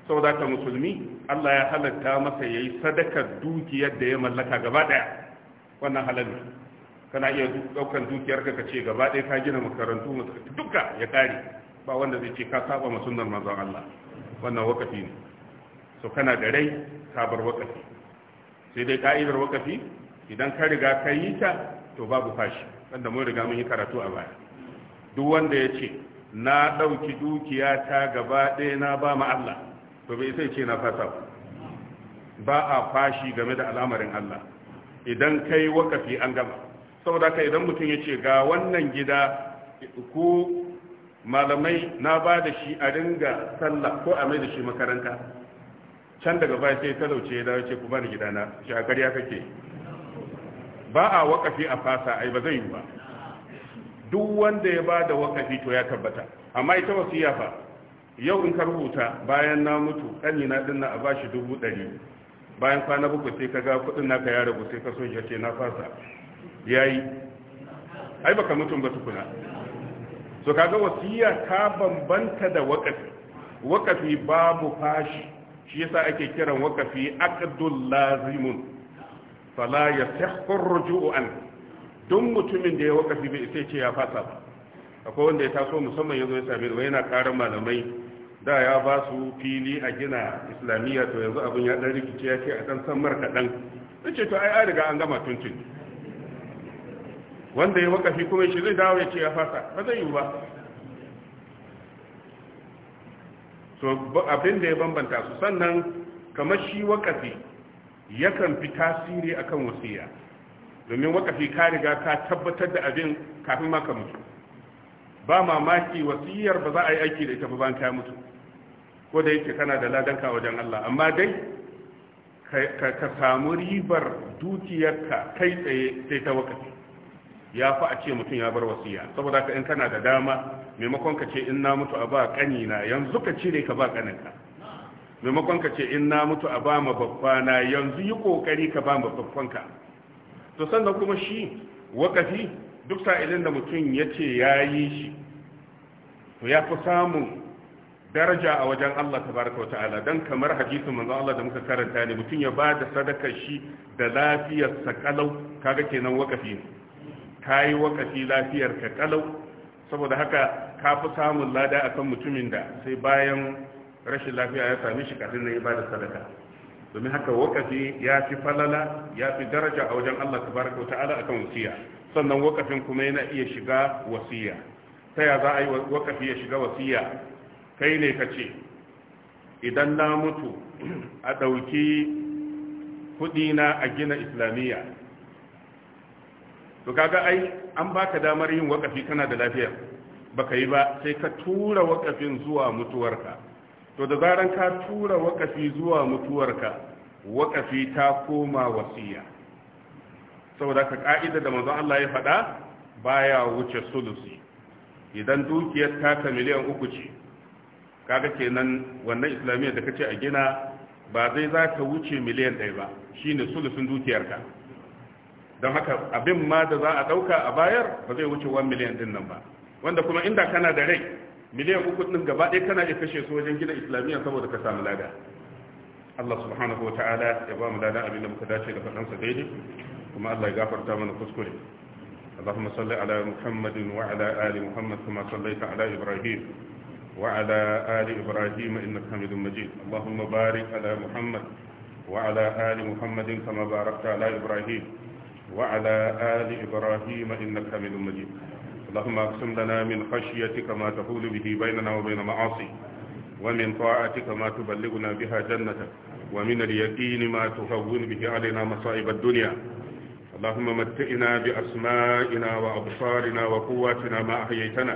saboda ka musulmi Allah ya halatta masa yayi sadakar dukiyar da ya mallaka gaba ɗaya wannan halal kana iya daukan dukiyar ka ce gaba ɗaya ka gina makarantu duka ya kare ba wanda zai ce ka saba ma sunnar manzon Allah wannan wakafi ne so kana da rai ka bar wakafi sai dai ka'idar wakafi idan ka riga ka yi ta to babu fashi wanda mun riga mun yi karatu a baya duk wanda ya ce na ɗauki dukiya ta gaba ɗaya na ba ma Allah to bai sai ce na fasa ba a fashi game da al'amarin Allah idan kai wakafi an gama saboda haka idan mutum ya ce ga wannan gida ku malamai na ba da shi a ringa sallah ko a mai da shi makaranta can daga baya sai talauce ya ce ku bani gidana shi a ƙarya kake ba a wakafi a fasa ai ba zai yi ba duk wanda ya ba da wakafi to ya tabbata amma ita ya fa yau in ka rubuta bayan na mutu kanina dinna a ba shi dubu ɗari bayan kwana bakwai sai ka ga kudin naka ya rabu sai ka so ya ce na fasa yayi ai baka mutum ba tukuna so ga wasiya ta bambanta da wakafi wakafi babu fashi shi yasa ake kiran wakafi aqdul lazimun fala yasihhu ruju'u an duk mutumin da ya wakafi bai sai ce ya fasa ba akwai wanda ya taso musamman yazo ya same ni yana karar malamai da ya ba su fili a gina islamiyya to yanzu abin ya dan rikice ya ce a dan san mar kaɗan ta ce to ai an riga an gama tuntun wanda ya wakafi kuma shi zai dawo ya ce ya fasa ba zai yi ba so abin da ya bambanta su sannan kamar shi wakafi yakan fi tasiri akan wasiya domin wakafi ka riga ka tabbatar da abin kafin ma ka mutu ba mamaki wasiyar ba za a yi aiki da ita ba bayan ka mutu ko da yake kana da ladanka wajen Allah amma dai ka samu ribar dukiyarka kai tsaye sai ta wakati ya fi a ce mutum ya bar wasiya saboda ka in kana da dama maimakon ka ce in na mutu a ba na yanzu ka cire ka ba kaninka maimakon ka ce in na mutu a ba ma babbana yanzu yi kokari ka ba ma ka to sannan kuma shi wakati duk sa'ilin da mutum ya ce ya yi shi to ya fi samun daraja a wajen Allah tabaraka wata'ala dan kamar hadisin manzo Allah da muka karanta ne mutum ya bada sadakar shi da lafiyar sa kalau kaga kenan wakafi ne kai wakafi lafiyar ka kalau saboda haka ka fi samun lada akan mutumin da sai bayan rashin lafiya ya same shi kafin ya bada sadaka domin haka wakafi ya fi falala ya fi daraja a wajen Allah tabaraka wata'ala akan wasiya sannan wakafin kuma yana iya shiga wasiya ta ya za a yi wakafi ya shiga wasiya kai ne ka ce idan na mutu a ɗauki kudina a gina islamiyya to kaga ai an baka damar yin wakafi kana da lafiya baka yi ba sai ka tura wakafin zuwa mutuwarka to da zaran ka tura wakafi zuwa mutuwarka wakafi ta koma wasiya saboda ka ka'ida da manzon Allah ya faɗa baya wuce sulusi idan dukiyar taka miliyan uku ce kaga kenan wannan islamiyyar da kace a gina ba zai za ka wuce miliyan ɗaya ba shine sulusun dukiyarka don haka abin ma da za a ɗauka a bayar ba zai wuce 1 miliyan ɗin nan ba wanda kuma inda kana da rai miliyan uku ɗin gaba ɗaya kana iya kashe su wajen gina islamiyya saboda ka samu lada Allah subhanahu wa ta'ala ya ba mu lada abin da muka dace da faɗansa daidai kuma Allah ya gafarta mana kuskure اللهم صل على محمد وعلى آل محمد كما صليت على إبراهيم وعلى آل إبراهيم إنك حميد مجيد اللهم بارك على محمد وعلى آل محمد كما باركت على إبراهيم وعلى آل إبراهيم إنك حميد مجيد اللهم اقسم لنا من خشيتك ما تحول به بيننا وبين معاصي ومن طاعتك ما تبلغنا بها جنتك ومن اليقين ما تهون به علينا مصائب الدنيا اللهم متئنا بأسمائنا وأبصارنا وقواتنا ما أحييتنا